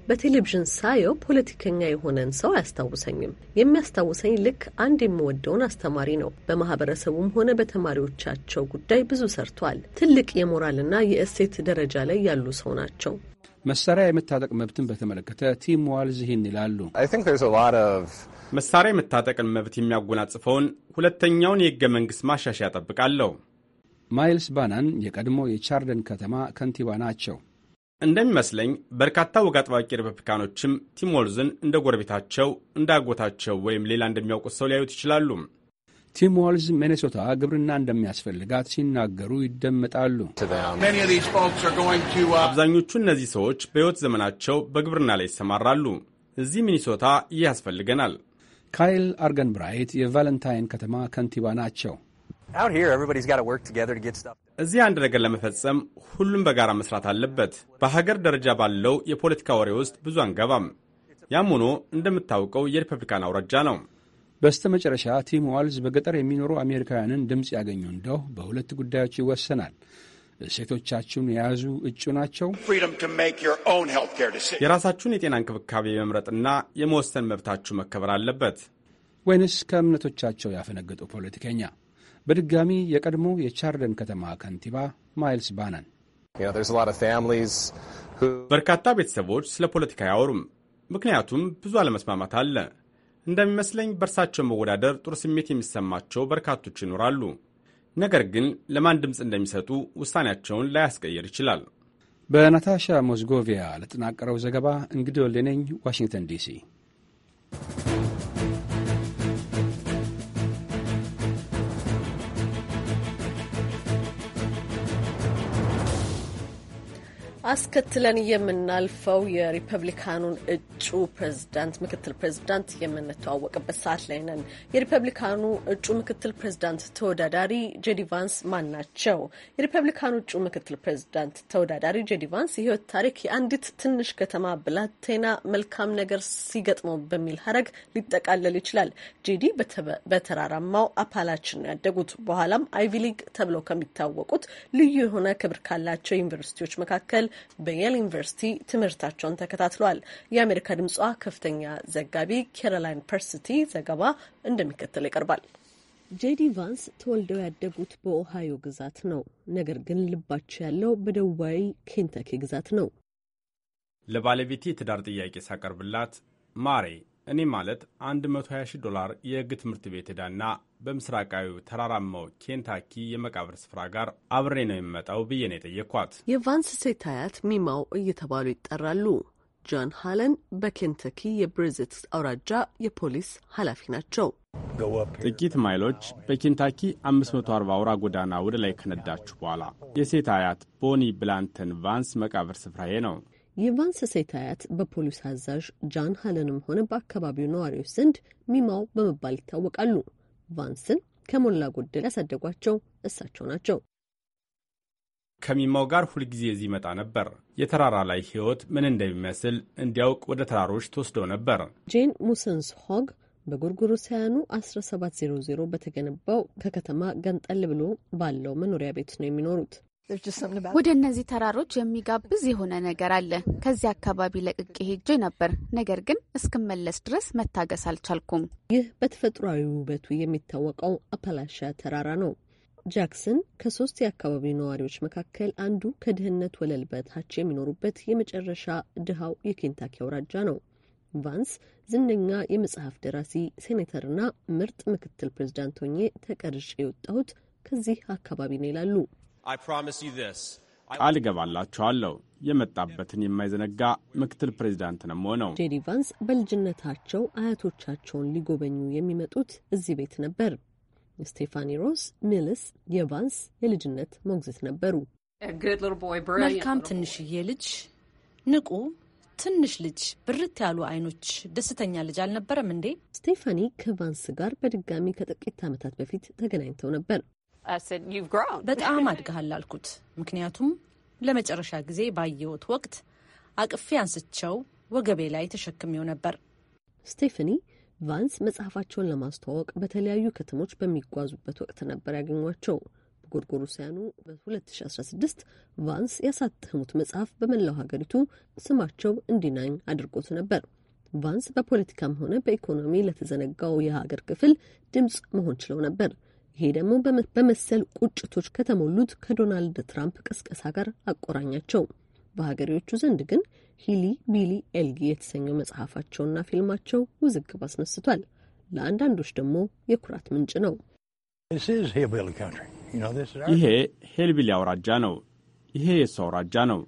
በቴሌቪዥን ሳየው ፖለቲከኛ የሆነን ሰው አያስታውሰኝም። የሚያስታውሰኝ ልክ አንድ የምወደውን አስተማሪ ነው። በማህበረሰቡም ሆነ በተማሪዎቻቸው ጉዳይ ብዙ ሰርቷል። ትልቅ የሞራልና የእሴት ደረጃ ላይ ያሉ ሰው ናቸው። መሳሪያ የመታጠቅ መብትን በተመለከተ ቲም ዋልዝ ይህን ይላሉ። መሳሪያ የመታጠቅን መብት የሚያጎናጽፈውን ሁለተኛውን የህገ መንግስት ማሻሻያ ጠብቃለሁ። ማይልስ ባናን የቀድሞ የቻርደን ከተማ ከንቲባ ናቸው። እንደሚመስለኝ በርካታ ወግ አጥባቂ ሪፐብሊካኖችም ቲም ዋልዝን እንደ ጎረቤታቸው፣ እንደ አጎታቸው ወይም ሌላ እንደሚያውቁት ሰው ሊያዩት ይችላሉ። ቲም ዋልዝ ሚኔሶታ ግብርና እንደሚያስፈልጋት ሲናገሩ ይደመጣሉ። uh, አብዛኞቹ እነዚህ ሰዎች በሕይወት ዘመናቸው በግብርና ላይ ይሰማራሉ። እዚህ ሚኒሶታ ይህ ያስፈልገናል። ካይል አርገንብራይት የቫለንታይን ከተማ ከንቲባ ናቸው። እዚህ አንድ ነገር ለመፈጸም ሁሉም በጋራ መስራት አለበት። በሀገር ደረጃ ባለው የፖለቲካ ወሬ ውስጥ ብዙ አንገባም። ያም ሆኖ እንደምታውቀው የሪፐብሊካን አውራጃ ነው። በስተ መጨረሻ ቲም ዋልዝ በገጠር የሚኖሩ አሜሪካውያንን ድምፅ ያገኙ እንደው በሁለት ጉዳዮች ይወሰናል። ሴቶቻችሁን የያዙ እጩ ናቸው። የራሳችሁን የጤና እንክብካቤ የመምረጥና የመወሰን መብታችሁ መከበር አለበት፣ ወይንስ ከእምነቶቻቸው ያፈነገጡ ፖለቲከኛ በድጋሚ የቀድሞ የቻርደን ከተማ ከንቲባ ማይልስ ባናን በርካታ ቤተሰቦች ስለ ፖለቲካ አያወሩም፣ ምክንያቱም ብዙ አለመስማማት አለ። እንደሚመስለኝ በእርሳቸው መወዳደር ጥሩ ስሜት የሚሰማቸው በርካቶች ይኖራሉ። ነገር ግን ለማን ድምፅ እንደሚሰጡ ውሳኔያቸውን ላያስቀየር ይችላል። በናታሻ ሞዝጎቪያ ለተጠናቀረው ዘገባ እንግዲህ ወሌነኝ ዋሽንግተን ዲሲ አስከትለን የምናልፈው የሪፐብሊካኑን እጩ ፕሬዝዳንት ምክትል ፕሬዝዳንት የምንተዋወቅበት ሰዓት ላይ ነን። የሪፐብሊካኑ እጩ ምክትል ፕሬዝዳንት ተወዳዳሪ ጄዲ ቫንስ ማን ናቸው? የሪፐብሊካኑ እጩ ምክትል ፕሬዝዳንት ተወዳዳሪ ጄዲ ቫንስ የህይወት ታሪክ የአንዲት ትንሽ ከተማ ብላቴና መልካም ነገር ሲገጥመው በሚል ሀረግ ሊጠቃለል ይችላል። ጄዲ በተራራማው አፓላችን ነው ያደጉት። በኋላም አይቪ ሊግ ተብለው ከሚታወቁት ልዩ የሆነ ክብር ካላቸው ዩኒቨርሲቲዎች መካከል በየል ዩኒቨርሲቲ ትምህርታቸውን ተከታትለዋል። የአሜሪካ ድምጿ ከፍተኛ ዘጋቢ ኬሮላይን ፐርስቲ ዘገባ እንደሚከተል ይቀርባል። ጄዲ ቫንስ ተወልደው ያደጉት በኦሃዮ ግዛት ነው። ነገር ግን ልባቸው ያለው በደቡባዊ ኬንታኪ ግዛት ነው። ለባለቤቴ የትዳር ጥያቄ ሳቀርብላት ማሬ እኔ ማለት 120 ዶላር የሕግ ትምህርት ቤት ዕዳና በምስራቃዊው ተራራማው ኬንታኪ የመቃብር ስፍራ ጋር አብሬ ነው የሚመጣው ብዬ ነው የጠየኳት የቫንስ ሴት አያት ሚማው እየተባሉ ይጠራሉ። ጆን ሃለን በኬንታኪ የብሪዝት አውራጃ የፖሊስ ኃላፊ ናቸው። ጥቂት ማይሎች በኬንታኪ 540 አውራ ጎዳና ወደ ላይ ከነዳችሁ በኋላ የሴት አያት ቦኒ ብላንተን ቫንስ መቃብር ስፍራዬ ነው። የቫንስ ሴት አያት በፖሊስ አዛዥ ጃን ሀለንም ሆነ በአካባቢው ነዋሪዎች ዘንድ ሚማው በመባል ይታወቃሉ። ቫንስን ከሞላ ጎደል ያሳደጓቸው እሳቸው ናቸው። ከሚማው ጋር ሁልጊዜ እዚህ ይመጣ ነበር። የተራራ ላይ ህይወት ምን እንደሚመስል እንዲያውቅ ወደ ተራሮች ተወስዶ ነበር። ጄን ሙሰንስ ሆግ በጎርጎሮሳውያኑ 1700 በተገነባው ከከተማ ገንጠል ብሎ ባለው መኖሪያ ቤት ነው የሚኖሩት። ወደ እነዚህ ተራሮች የሚጋብዝ የሆነ ነገር አለ። ከዚህ አካባቢ ለቅቄ ሄጄ ነበር፣ ነገር ግን እስክመለስ ድረስ መታገስ አልቻልኩም። ይህ በተፈጥሯዊ ውበቱ የሚታወቀው አፓላሻ ተራራ ነው። ጃክሰን ከሶስት የአካባቢ ነዋሪዎች መካከል አንዱ ከድህነት ወለል በታች የሚኖሩበት የመጨረሻ ድሃው የኬንታኪ አውራጃ ነው። ቫንስ ዝነኛ የመጽሐፍ ደራሲ ሴኔተርና ምርጥ ምክትል ፕሬዚዳንት ሆኜ ተቀርጬ የወጣሁት ከዚህ አካባቢ ነው ይላሉ። ቃል እገባላችኋለሁ የመጣበትን የማይዘነጋ ምክትል ፕሬዚዳንት ነሞ ነው። ጄዲ ቫንስ በልጅነታቸው አያቶቻቸውን ሊጎበኙ የሚመጡት እዚህ ቤት ነበር። ስቴፋኒ ሮስ ሚልስ የቫንስ የልጅነት ሞግዚት ነበሩ። መልካም ትንሽዬ ልጅ፣ ንቁ ትንሽ ልጅ፣ ብርት ያሉ አይኖች፣ ደስተኛ ልጅ አልነበረም እንዴ? ስቴፋኒ ከቫንስ ጋር በድጋሚ ከጥቂት ዓመታት በፊት ተገናኝተው ነበር። በጣም አድገሃል አልኩት። ምክንያቱም ለመጨረሻ ጊዜ ባየሁት ወቅት አቅፌ አንስቸው ወገቤ ላይ ተሸክሜው ነበር። ስቴፈኒ ቫንስ መጽሐፋቸውን ለማስተዋወቅ በተለያዩ ከተሞች በሚጓዙበት ወቅት ነበር ያገኟቸው። በጎርጎሮሳውያኑ በ2016 ቫንስ ያሳተሙት መጽሐፍ በመላው ሀገሪቱ ስማቸው እንዲናኝ አድርጎት ነበር። ቫንስ በፖለቲካም ሆነ በኢኮኖሚ ለተዘነጋው የሀገር ክፍል ድምፅ መሆን ችለው ነበር። ይሄ ደግሞ በመሰል ቁጭቶች ከተሞሉት ከዶናልድ ትራምፕ ቅስቀሳ ጋር አቆራኛቸው። በሀገሬዎቹ ዘንድ ግን ሂሊ ቢሊ ኤልጊ የተሰኘው መጽሐፋቸውና ፊልማቸው ውዝግብ አስነስቷል። ለአንዳንዶች ደግሞ የኩራት ምንጭ ነው። ይሄ ሄልቢሊ አውራጃ ነው። ይሄ የእሱ አውራጃ ነው።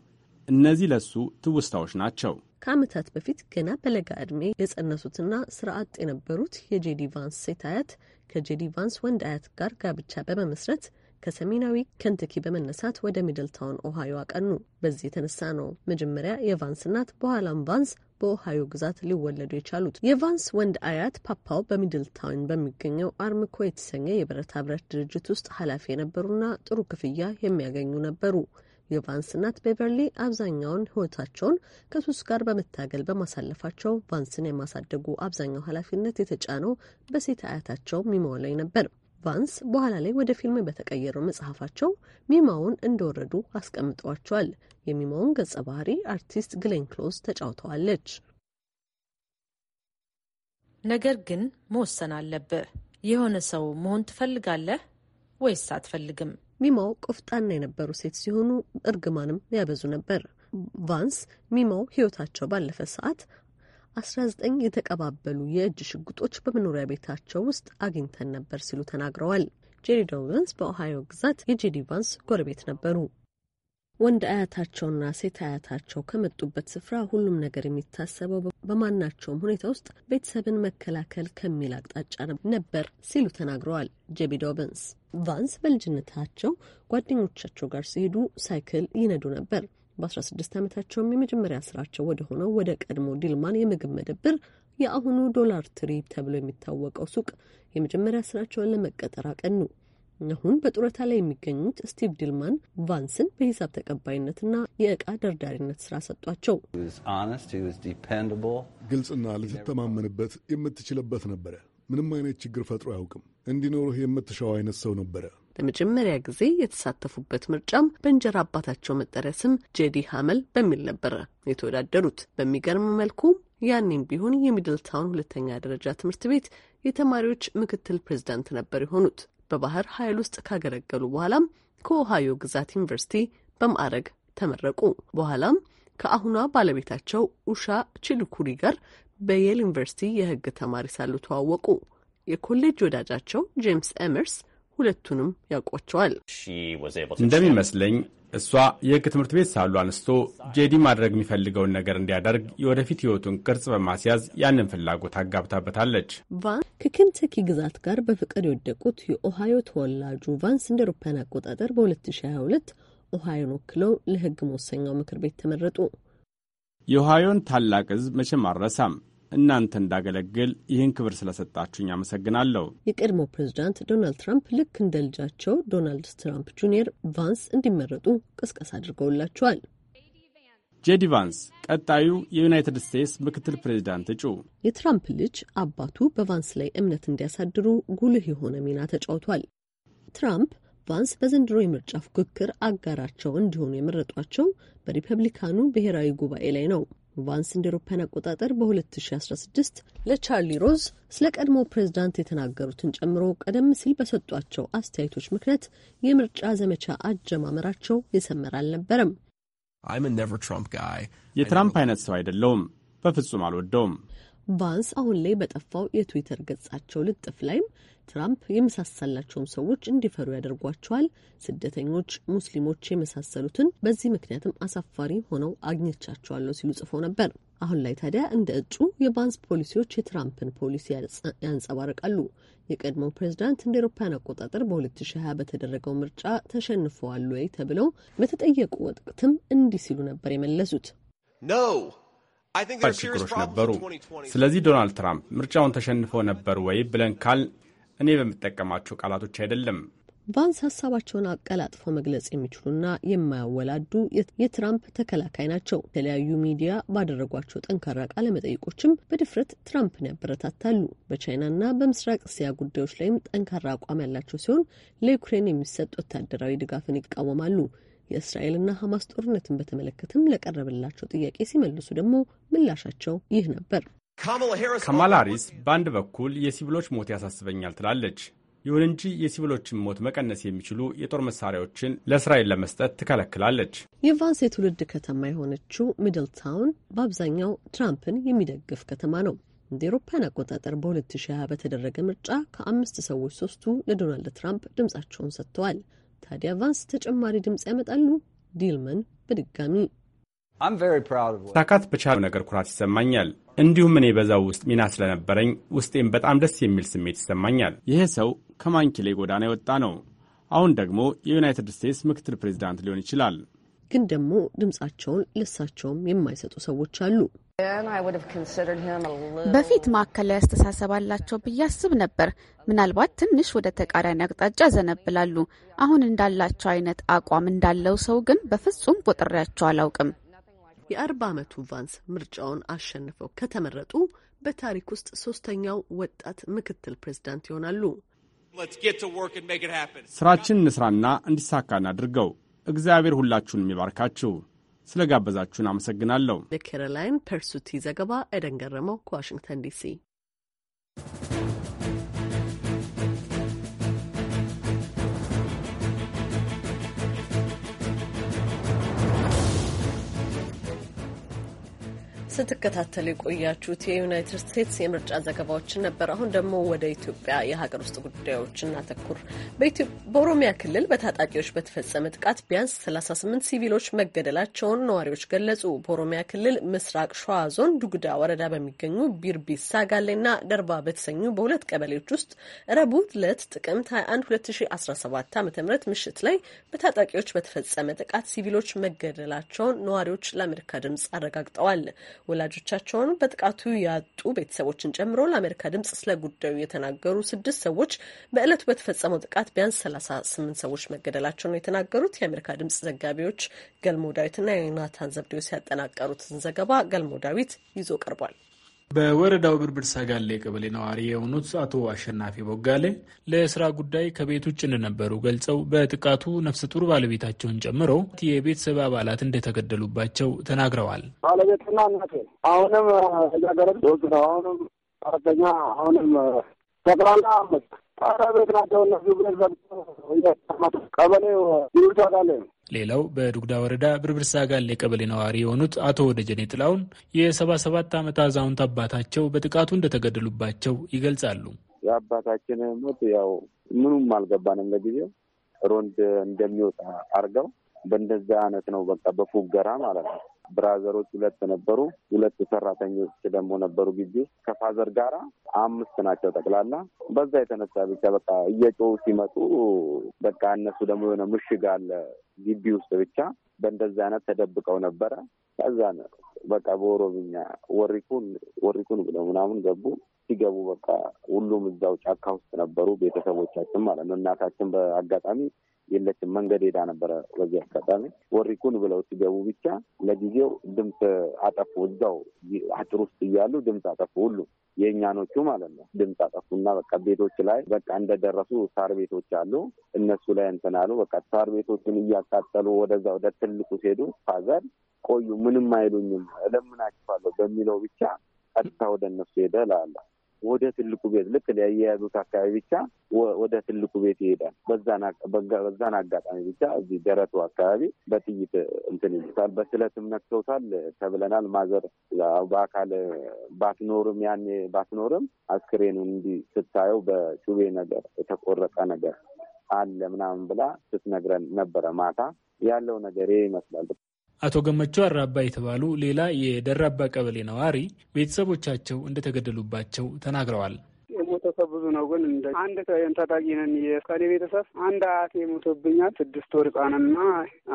እነዚህ ለሱ ትውስታዎች ናቸው። ከዓመታት በፊት ገና በለጋ ዕድሜ የጸነሱትና ስራ አጥ የነበሩት የጄዲ ቫንስ ሴት አያት ከጄዲ ቫንስ ወንድ አያት ጋር ጋብቻ በመመስረት ከሰሜናዊ ከንትኪ በመነሳት ወደ ሚድልታውን ኦሃዮ አቀኑ። በዚህ የተነሳ ነው መጀመሪያ የቫንስ እናት በኋላም ቫንስ በኦሃዮ ግዛት ሊወለዱ የቻሉት። የቫንስ ወንድ አያት ፓፓው በሚድልታውን በሚገኘው አርምኮ የተሰኘ የብረታ ብረት ድርጅት ውስጥ ኃላፊ የነበሩና ጥሩ ክፍያ የሚያገኙ ነበሩ። የቫንስ እናት ቤቨርሊ አብዛኛውን ህይወታቸውን ከሱስ ጋር በመታገል በማሳለፋቸው ቫንስን የማሳደጉ አብዛኛው ኃላፊነት የተጫነው በሴት አያታቸው ሚማ ላይ ነበር። ቫንስ በኋላ ላይ ወደ ፊልም በተቀየረው መጽሐፋቸው ሚማውን እንደወረዱ አስቀምጠዋቸዋል። የሚማውን ገጸ ባህሪ አርቲስት ግሌን ክሎዝ ተጫውተዋለች። ነገር ግን መወሰን አለብህ። የሆነ ሰው መሆን ትፈልጋለህ ወይስ አትፈልግም? ሚማው ቆፍጣና የነበሩ ሴት ሲሆኑ እርግማንም ያበዙ ነበር። ቫንስ ሚማው ህይወታቸው ባለፈ ሰዓት አስራ ዘጠኝ የተቀባበሉ የእጅ ሽጉጦች በመኖሪያ ቤታቸው ውስጥ አግኝተን ነበር ሲሉ ተናግረዋል። ጄሪ ዶውንስ በኦሃዮ ግዛት የጄዲ ቫንስ ጎረቤት ነበሩ። ወንድ አያታቸውና ሴት አያታቸው ከመጡበት ስፍራ ሁሉም ነገር የሚታሰበው በማናቸውም ሁኔታ ውስጥ ቤተሰብን መከላከል ከሚል አቅጣጫ ነበር ሲሉ ተናግረዋል ጄቢ ዶብንስ። ቫንስ በልጅነታቸው ጓደኞቻቸው ጋር ሲሄዱ ሳይክል ይነዱ ነበር። በ16 ዓመታቸውም የመጀመሪያ ስራቸው ወደ ሆነው ወደ ቀድሞ ዲልማን የምግብ መደብር የአሁኑ ዶላር ትሪ ተብሎ የሚታወቀው ሱቅ የመጀመሪያ ስራቸውን ለመቀጠር አቀኑ። አሁን በጡረታ ላይ የሚገኙት ስቲቭ ዲልማን ቫንስን በሂሳብ ተቀባይነትና የእቃ ደርዳሪነት ስራ ሰጧቸው። ግልጽና ልትተማመንበት የምትችልበት ነበረ። ምንም አይነት ችግር ፈጥሮ አያውቅም። እንዲኖርህ የምትሻው አይነት ሰው ነበረ። ለመጀመሪያ ጊዜ የተሳተፉበት ምርጫም በእንጀራ አባታቸው መጠሪያ ስም ጄዲ ሀመል በሚል ነበረ የተወዳደሩት። በሚገርም መልኩ ያኔም ቢሆን የሚድልታውን ሁለተኛ ደረጃ ትምህርት ቤት የተማሪዎች ምክትል ፕሬዝዳንት ነበር የሆኑት። በባህር ኃይል ውስጥ ካገለገሉ በኋላም ከኦሃዮ ግዛት ዩኒቨርሲቲ በማዕረግ ተመረቁ። በኋላም ከአሁኗ ባለቤታቸው ኡሻ ችልኩሪ ጋር በየል ዩኒቨርሲቲ የሕግ ተማሪ ሳሉ ተዋወቁ። የኮሌጅ ወዳጃቸው ጄምስ ኤመርስ ሁለቱንም ያውቋቸዋል። እንደሚመስለኝ እሷ የህግ ትምህርት ቤት ሳሉ አንስቶ ጄዲ ማድረግ የሚፈልገውን ነገር እንዲያደርግ የወደፊት ህይወቱን ቅርጽ በማስያዝ ያንን ፍላጎት አጋብታበታለች። ቫንስ ከኬንተኪ ግዛት ጋር በፍቅር የወደቁት የኦሃዮ ተወላጁ ቫንስ እንደ አውሮፓውያን አቆጣጠር በ2022 ኦሃዮን ወክለው ለህግ መወሰኛው ምክር ቤት ተመረጡ። የኦሃዮን ታላቅ ህዝብ መቼም አልረሳም። እናንተ እንዳገለግል ይህን ክብር ስለሰጣችሁኝ አመሰግናለሁ። የቀድሞ ፕሬዚዳንት ዶናልድ ትራምፕ ልክ እንደ ልጃቸው ዶናልድ ትራምፕ ጁኒየር ቫንስ እንዲመረጡ ቅስቀሳ አድርገውላቸዋል። ጄዲ ቫንስ ቀጣዩ የዩናይትድ ስቴትስ ምክትል ፕሬዚዳንት እጩ። የትራምፕ ልጅ አባቱ በቫንስ ላይ እምነት እንዲያሳድሩ ጉልህ የሆነ ሚና ተጫውቷል። ትራምፕ ቫንስ በዘንድሮ የምርጫ ፉክክር አጋራቸው እንዲሆኑ የመረጧቸው በሪፐብሊካኑ ብሔራዊ ጉባኤ ላይ ነው። ቫንስ እንደ ኤሮፓን አቆጣጠር በ2016 ለቻርሊ ሮዝ ስለ ቀድሞ ፕሬዝዳንት የተናገሩትን ጨምሮ ቀደም ሲል በሰጧቸው አስተያየቶች ምክንያት የምርጫ ዘመቻ አጀማመራቸው የሰመር አልነበረም። የትራምፕ አይነት ሰው አይደለውም፣ በፍጹም አልወደውም። ቫንስ አሁን ላይ በጠፋው የትዊተር ገጻቸው ልጥፍ ላይም ትራምፕ የመሳሰላቸውን ሰዎች እንዲፈሩ ያደርጓቸዋል፣ ስደተኞች፣ ሙስሊሞች የመሳሰሉትን በዚህ ምክንያትም አሳፋሪ ሆነው አግኝቻቸዋለሁ ሲሉ ጽፎ ነበር። አሁን ላይ ታዲያ እንደ እጩ የቫንስ ፖሊሲዎች የትራምፕን ፖሊሲ ያንጸባርቃሉ። የቀድሞው ፕሬዚዳንት እንደ ኤሮፓያን አቆጣጠር በ2020 በተደረገው ምርጫ ተሸንፈዋል ወይ ተብለው በተጠየቁ ወቅትም እንዲህ ሲሉ ነበር የመለሱት ነው ችግሮች ነበሩ። ስለዚህ ዶናልድ ትራምፕ ምርጫውን ተሸንፈው ነበር ወይ ብለን ካል እኔ በምጠቀማቸው ቃላቶች አይደለም። ቫንስ ሀሳባቸውን አቀላጥፈው መግለጽ የሚችሉና የማያወላዱ የትራምፕ ተከላካይ ናቸው። የተለያዩ ሚዲያ ባደረጓቸው ጠንካራ ቃለ መጠይቆችም በድፍረት ትራምፕን ያበረታታሉ። በቻይናና በምስራቅ እስያ ጉዳዮች ላይም ጠንካራ አቋም ያላቸው ሲሆን ለዩክሬን የሚሰጥ ወታደራዊ ድጋፍን ይቃወማሉ። የእስራኤልና ሐማስ ጦርነትን በተመለከተም ለቀረበላቸው ጥያቄ ሲመልሱ ደግሞ ምላሻቸው ይህ ነበር። ካማላ ሃሪስ በአንድ በኩል የሲቪሎች ሞት ያሳስበኛል ትላለች። ይሁን እንጂ የሲቪሎችን ሞት መቀነስ የሚችሉ የጦር መሳሪያዎችን ለእስራኤል ለመስጠት ትከለክላለች። የቫንስ የትውልድ ከተማ የሆነችው ሚድል ታውን በአብዛኛው ትራምፕን የሚደግፍ ከተማ ነው። እንደ ኤሮፓያን አቆጣጠር በ2020 በተደረገ ምርጫ ከአምስት ሰዎች ሶስቱ ለዶናልድ ትራምፕ ድምጻቸውን ሰጥተዋል። ታዲያ ቫንስ ተጨማሪ ድምፅ ያመጣሉ። ዲልመን በድጋሚ ሳካት በቻለው ነገር ኩራት ይሰማኛል። እንዲሁም እኔ በዛው ውስጥ ሚና ስለነበረኝ ውስጤም በጣም ደስ የሚል ስሜት ይሰማኛል። ይህ ሰው ከማንኪሌ ጎዳና የወጣ ነው። አሁን ደግሞ የዩናይትድ ስቴትስ ምክትል ፕሬዚዳንት ሊሆን ይችላል። ግን ደግሞ ድምፃቸውን ለሳቸውም የማይሰጡ ሰዎች አሉ። በፊት ማዕከላዊ አስተሳሰብ አላቸው ብዬ አስብ ነበር። ምናልባት ትንሽ ወደ ተቃራኒ አቅጣጫ ዘነብላሉ። አሁን እንዳላቸው አይነት አቋም እንዳለው ሰው ግን በፍጹም ቆጥሬያቸው አላውቅም። የአርባ ዓመቱ ቫንስ ምርጫውን አሸንፈው ከተመረጡ በታሪክ ውስጥ ሶስተኛው ወጣት ምክትል ፕሬዝዳንት ይሆናሉ። ስራችን እንስራና እንዲሳካ እናድርገው። እግዚአብሔር ሁላችሁንም ይባርካችሁ። ስለጋበዛችሁን አመሰግናለሁ። የኬሮላይን ፐርሱቲ ዘገባ ኤደን ገረመው ከዋሽንግተን ዲሲ ስትከታተሉ የቆያችሁት የዩናይትድ ስቴትስ የምርጫ ዘገባዎችን ነበር። አሁን ደግሞ ወደ ኢትዮጵያ የሀገር ውስጥ ጉዳዮች እናተኩር። በኦሮሚያ ክልል በታጣቂዎች በተፈጸመ ጥቃት ቢያንስ 38 ሲቪሎች መገደላቸውን ነዋሪዎች ገለጹ። በኦሮሚያ ክልል ምስራቅ ሸዋ ዞን ዱጉዳ ወረዳ በሚገኙ ቢርቢሳ ጋሌና ደርባ በተሰኙ በሁለት ቀበሌዎች ውስጥ ረቡዕ ዕለት ጥቅምት 21 2017 ዓ ም ምሽት ላይ በታጣቂዎች በተፈጸመ ጥቃት ሲቪሎች መገደላቸውን ነዋሪዎች ለአሜሪካ ድምጽ አረጋግጠዋል። ወላጆቻቸውን በጥቃቱ ያጡ ቤተሰቦችን ጨምሮ ለአሜሪካ ድምጽ ስለ ጉዳዩ የተናገሩ ስድስት ሰዎች በእለቱ በተፈጸመው ጥቃት ቢያንስ ሰላሳ ስምንት ሰዎች መገደላቸው ነው የተናገሩት። የአሜሪካ ድምጽ ዘጋቢዎች ገልሞ ዳዊትና ዮናታን ዘብዴዎስ ያጠናቀሩትን ዘገባ ገልሞ ዳዊት ይዞ ቀርቧል። በወረዳው ብርብር ሰጋሌ ቀበሌ ነዋሪ የሆኑት አቶ አሸናፊ ቦጋሌ ለስራ ጉዳይ ከቤት ውጭ እንደነበሩ ገልጸው በጥቃቱ ነፍሰ ጡር ባለቤታቸውን ጨምሮ የቤተሰብ አባላት እንደተገደሉባቸው ተናግረዋል። ባለቤትና እናቴ አሁንም ልጃገረድ ሶስት ነው። አሁንም አራተኛ አሁንም ጠቅላላ አምስት ባለቤት ናቸው። እነሱ ቤተሰብ ቀበሌው ይሉታል አለ ሌላው በዱግዳ ወረዳ ብርብርሳ ጋሌ ቀበሌ ነዋሪ የሆኑት አቶ ወደጀኔ ጥላውን የ ዓመት አዛውንት አባታቸው በጥቃቱ እንደተገደሉባቸው ይገልጻሉ። የአባታችን ሞት ያው ምኑም አልገባንም። ለጊዜው ሮንድ እንደሚወጣ አርገው በእንደዛ አይነት ነው በቃ በፉገራ ማለት ነው ብራዘሮች ሁለት ነበሩ። ሁለት ሰራተኞች ደግሞ ነበሩ ግቢ ውስጥ ከፋዘር ጋራ አምስት ናቸው ጠቅላላ። በዛ የተነሳ ብቻ በቃ እየጮሁ ሲመጡ በቃ እነሱ ደግሞ የሆነ ምሽግ አለ ግቢ ውስጥ ብቻ በእንደዛ አይነት ተደብቀው ነበረ። ከዛ ነው በቃ በኦሮምኛ ወሪኩን ወሪኩን ብለው ምናምን ገቡ። ሲገቡ በቃ ሁሉም እዛው ጫካ ውስጥ ነበሩ ቤተሰቦቻችን ማለት ነው። እናታችን በአጋጣሚ የለችም። መንገድ ሄዳ ነበረ። በዚህ አጋጣሚ ወሪኩን ብለው ሲገቡ ብቻ ለጊዜው ድምፅ አጠፉ። እዛው አጥር ውስጥ እያሉ ድምፅ አጠፉ። ሁሉ የእኛኖቹ ማለት ነው። ድምፅ አጠፉና በቃ ቤቶች ላይ በቃ እንደደረሱ ሳር ቤቶች አሉ እነሱ ላይ እንትን አሉ። በቃ ሳር ቤቶችን እያቃጠሉ ወደዛ ወደ ትልቁ ሲሄዱ ፋዘር ቆዩ ምንም አይሉኝም እለምናችኋለሁ በሚለው ብቻ ቀጥታ ወደ እነሱ ሄደ ላለ ወደ ትልቁ ቤት ልክ የያዙት አካባቢ ብቻ ወደ ትልቁ ቤት ይሄዳል። በዛን አጋጣሚ ብቻ እዚህ ደረቱ አካባቢ በጥይት እንትን ይሉታል። በስለትም ነክተውታል ተብለናል። ማዘር በአካል ባትኖርም ያኔ ባትኖርም አስክሬኑ እንዲህ ስታየው በጩቤ ነገር የተቆረጠ ነገር አለ ምናምን ብላ ስትነግረን ነበረ። ማታ ያለው ነገር ይሄ ይመስላል። አቶ ገመቸው አራባ የተባሉ ሌላ የደራባ ቀበሌ ነዋሪ ቤተሰቦቻቸው እንደተገደሉባቸው ተናግረዋል። ብዙ ነው። ግን እንደ አንድ ታጣቂ ነን የእስካሌ ቤተሰብ አንድ አያቴ ሞቶብኛል። ስድስት ወር ህጻንና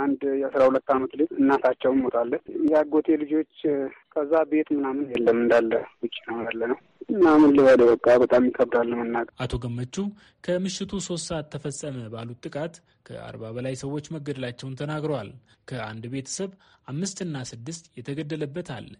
አንድ የአስራ ሁለት አመት ልጅ እናታቸውም ሞታለች። የአጎቴ ልጆች ከዛ ቤት ምናምን የለም እንዳለ ውጭ ነው ያለ ነው ምናምን ምን በቃ በጣም ይከብዳል መናገር። አቶ ገመቹ ከምሽቱ ሶስት ሰዓት ተፈጸመ ባሉት ጥቃት ከአርባ በላይ ሰዎች መገደላቸውን ተናግረዋል። ከአንድ ቤተሰብ አምስትና ስድስት የተገደለበት አለ።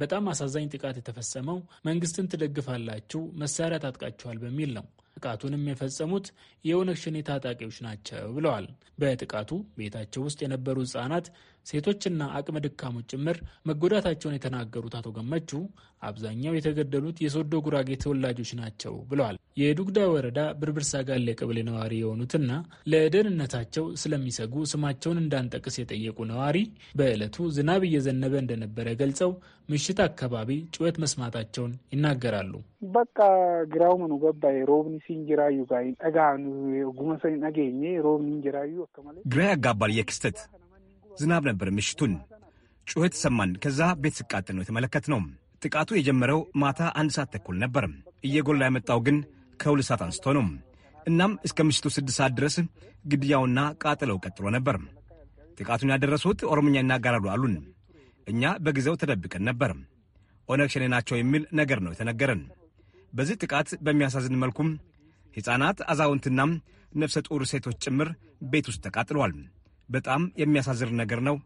በጣም አሳዛኝ ጥቃት የተፈጸመው መንግስትን ትደግፋላችሁ፣ መሳሪያ ታጥቃችኋል በሚል ነው። ጥቃቱንም የፈጸሙት የኦነግ ሸኔ ታጣቂዎች ናቸው ብለዋል። በጥቃቱ ቤታቸው ውስጥ የነበሩ ህጻናት፣ ሴቶችና አቅመ ድካሞች ጭምር መጎዳታቸውን የተናገሩት አቶ ገመቹ አብዛኛው የተገደሉት የሶዶ ጉራጌ ተወላጆች ናቸው ብለዋል። የዱግዳ ወረዳ ብርብርሳ ጋሌ ቀበሌ ነዋሪ የሆኑትና ለደህንነታቸው ስለሚሰጉ ስማቸውን እንዳንጠቅስ የጠየቁ ነዋሪ በዕለቱ ዝናብ እየዘነበ እንደነበረ ገልጸው ምሽት አካባቢ ጩኸት መስማታቸውን ይናገራሉ። በቃ ግራውም ነው ገባ ሮብኒ siin jiraayyuu gaa hin dhagaanu oguma hin dhageenye hin akka malee ግራ ያጋባል። የክስተት ዝናብ ነበር። ምሽቱን ጩኸት ሰማን። ከዛ ቤት ሲቃጠል ነው የተመለከትነው። ጥቃቱ የጀመረው ማታ አንድ ሰዓት ተኩል ነበር። እየጎላ የመጣው ግን ከሁለት ሰዓት አንስቶ ነው። እናም እስከ ምሽቱ ስድስት ሰዓት ድረስ ግድያውና ቃጠለው ቀጥሎ ነበር። ጥቃቱን ያደረሱት ኦሮምኛ ይናገራሉ አሉን። እኛ በጊዜው ተደብቀን ነበር። ኦነግ ሸኔ ናቸው የሚል ነገር ነው የተነገረን። በዚህ ጥቃት በሚያሳዝን መልኩም ሕፃናት፣ አዛውንትና ነፍሰ ጡር ሴቶች ጭምር ቤት ውስጥ ተቃጥለዋል። በጣም የሚያሳዝን ነገር ነው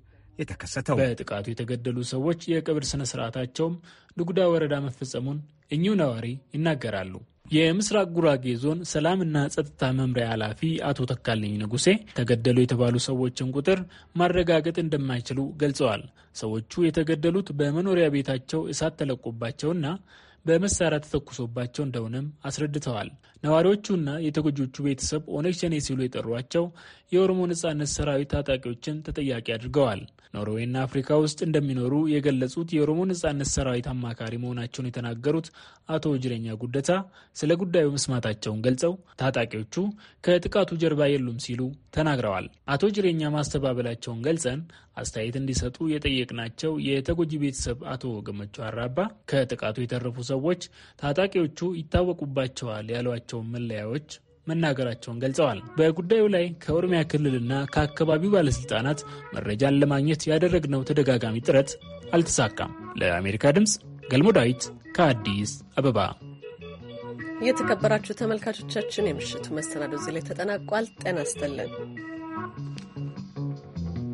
የተከሰተው። በጥቃቱ የተገደሉ ሰዎች የቅብር ስነ ስርዓታቸውም ንጉዳ ወረዳ መፈጸሙን እኚሁ ነዋሪ ይናገራሉ። የምስራቅ ጉራጌ ዞን ሰላምና ጸጥታ መምሪያ ኃላፊ አቶ ተካልኝ ንጉሴ ተገደሉ የተባሉ ሰዎችን ቁጥር ማረጋገጥ እንደማይችሉ ገልጸዋል። ሰዎቹ የተገደሉት በመኖሪያ ቤታቸው እሳት ተለቆባቸውና በመሳሪያ ተተኩሶባቸው እንደሆነም አስረድተዋል። ነዋሪዎቹና የተጎጆቹ ቤተሰብ ኦነግ ሸኔ ሲሉ የጠሯቸው የኦሮሞ ነጻነት ሰራዊት ታጣቂዎችን ተጠያቂ አድርገዋል። ኖርዌይና አፍሪካ ውስጥ እንደሚኖሩ የገለጹት የኦሮሞ ነጻነት ሰራዊት አማካሪ መሆናቸውን የተናገሩት አቶ ጅረኛ ጉደታ ስለ ጉዳዩ መስማታቸውን ገልጸው ታጣቂዎቹ ከጥቃቱ ጀርባ የሉም ሲሉ ተናግረዋል። አቶ ጅረኛ ማስተባበላቸውን ገልጸን አስተያየት እንዲሰጡ የጠየቅናቸው የተጎጂ ቤተሰብ አቶ ገመቹ አራባ ከጥቃቱ የተረፉ ሰዎች ታጣቂዎቹ ይታወቁባቸዋል ያሏቸውን መለያዎች መናገራቸውን ገልጸዋል። በጉዳዩ ላይ ከኦሮሚያ ክልልና ከአካባቢው ባለስልጣናት መረጃን ለማግኘት ያደረግነው ተደጋጋሚ ጥረት አልተሳካም። ለአሜሪካ ድምፅ ገልሞ ዳዊት ከአዲስ አበባ። የተከበራችሁ ተመልካቾቻችን የምሽቱ መሰናዶ እዚህ ላይ ተጠናቋል። ጤና ይስጥልን።